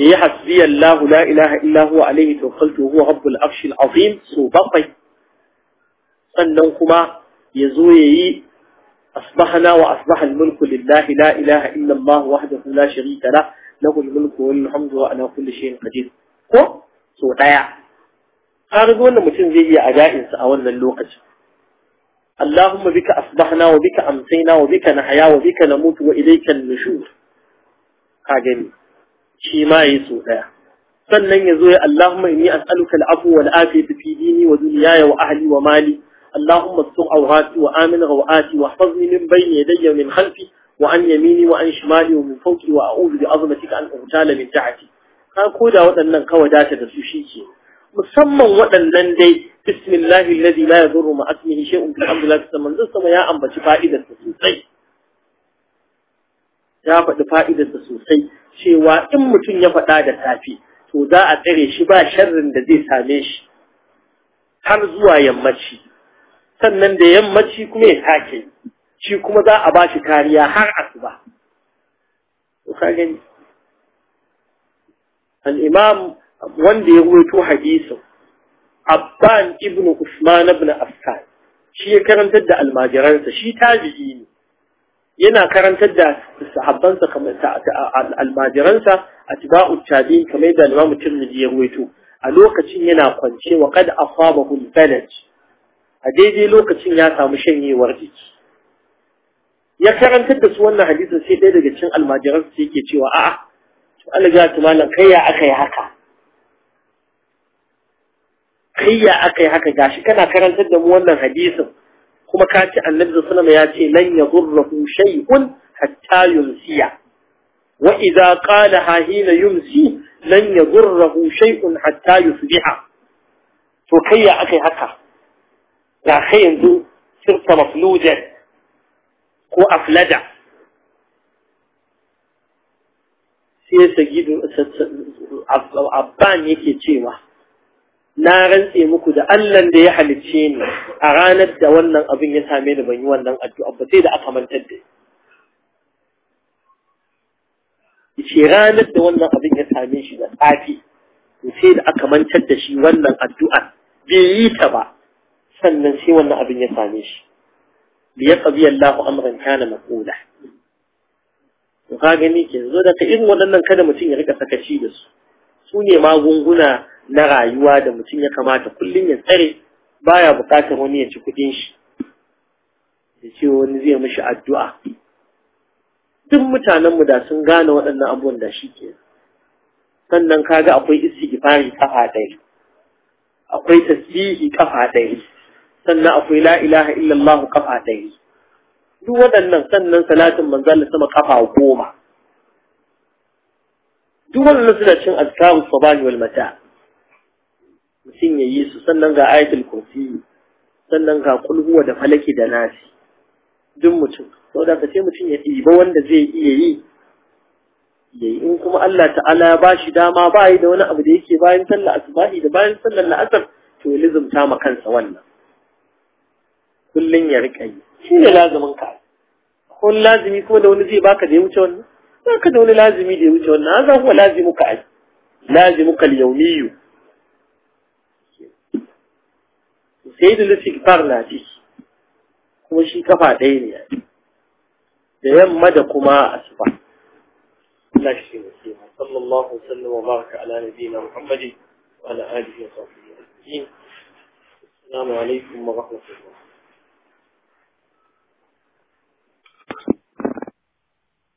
يحسبي الله لا إله إلا هو عليه توكلت وهو رب العرش العظيم صوبقي سننكما يزوي أصبحنا وأصبح الملك لله لا إله إلا الله وحده لا شريك له له الملك والحمد على كل شيء قدير هو سوطايا أرجو أن متن زيجي أجائن سأولنا اللوقج اللهم بك أصبحنا وبك أمسينا وبك نحيا وبك نموت وإليك النشور أجائن shi ma yi so ɗaya. Sannan ya zo ya Allahumma inni as'aluka al'afu wal afiyatu fi dini wa dunyaya wa ahli wa mali. Allahumma sur awrati wa amin rawati wa hafizni min bayni yadayya min khalfi wa an yamini wa an shimali wa min fawqi wa a'udhu bi azmatika an uhtala min ta'ati. Ka koda waɗannan kawai data da su shike. Musamman waɗannan dai bismillahi alladhi la yadurru ma asmihi shay'un fi alhamdulillahi sallallahu alaihi ya ambaci fa'idar sosai. Ya faɗi fa'idar sosai. cewa in mutum ya faɗa da safe to za a tsare shi ba sharrin da zai same shi har zuwa yammaci sannan da yammaci kuma ya sake shi kuma za a ba shi kariya har asuba to ka gani an imam wanda ya ruwaito hadisi Abban ibn Usman ibn Affan shi ya karantar da almajiransa shi tabi'i ne yana karantar da sahabbansa kamar almajiransa tiba'u tabi'in kamar da Imam Tirmidhi ya ruwaito a lokacin yana kwance wa kad asabahu al a daidai lokacin ya samu shanyewar jiki ya karantar da su wannan hadisi sai dai daga cikin almajiransa su yake cewa a'a to Allah ya tumala kai ya aka haka kai ya akai haka gashi kana karantar da mu wannan hadisin kuma kace annabi sallallahu alaihi ya ce lan yadurruhu shay'un hatta yumsiya wa idza qalaha hina yumsi lan yadurruhu shay'un hatta yusbiha to kai ya akai haka ya kai yanzu sirta maflujan ko aflada sai sagidu abban yake cewa na rantse muku da Allah da ya halicce ni a ranar da wannan abin ya same ni ban yi wannan addu'a ba sai da aka mantar da shi. ce ranar da wannan abin ya same shi da tsafi sai da aka mantar da shi wannan addu'a bai yi ta ba sannan sai wannan abin ya same shi bi ya qabi Allahu amran kana maqula ka gani ke zo da irin waɗannan kada mutum ya rika sakaci da su su ne magunguna na rayuwa da mutum ya kamata kullum ya tsare baya buƙatar wani ya ci kuɗin shi Da ce wani zai mishi addu'a duk mutanenmu da sun gane waɗannan abubuwan da shi ke sannan kaga akwai ifari kafa ɗaya akwai tasbihi kafa ɗaya sannan akwai la ilaha illallah kafa ɗaya duk waɗannan sannan salatin manzal sama kafa goma duk waɗannan suna cin azkarus sabani wal mata mutum ya yi su sannan ga ayatul kursi sannan ga kulhuwa da falaki da nasi duk mutum sau da sai mutum ya ɗiba wanda zai iya yi yayi in kuma Allah ta'ala ba shi dama ba yi da wani abu da yake bayan sallar asubahi da bayan sallar la'asar to ya lizumta ma kansa wannan kullum ya riƙa yi shi ne lazumin ka ko lazimi kuma da wani zai baka da ya wuce wannan baka da wani lazimi da ya wuce wannan haka kuma lazimu ka ai lazimu kal yawmiyu sai da istighfar na ciki kuma shi kafa ɗaya ne da yamma da kuma asuba Allah shi ne sallallahu alaihi wa baraka ala na Muhammadin wa ala alihi wa sahbihi assalamu alaikum wa rahmatullahi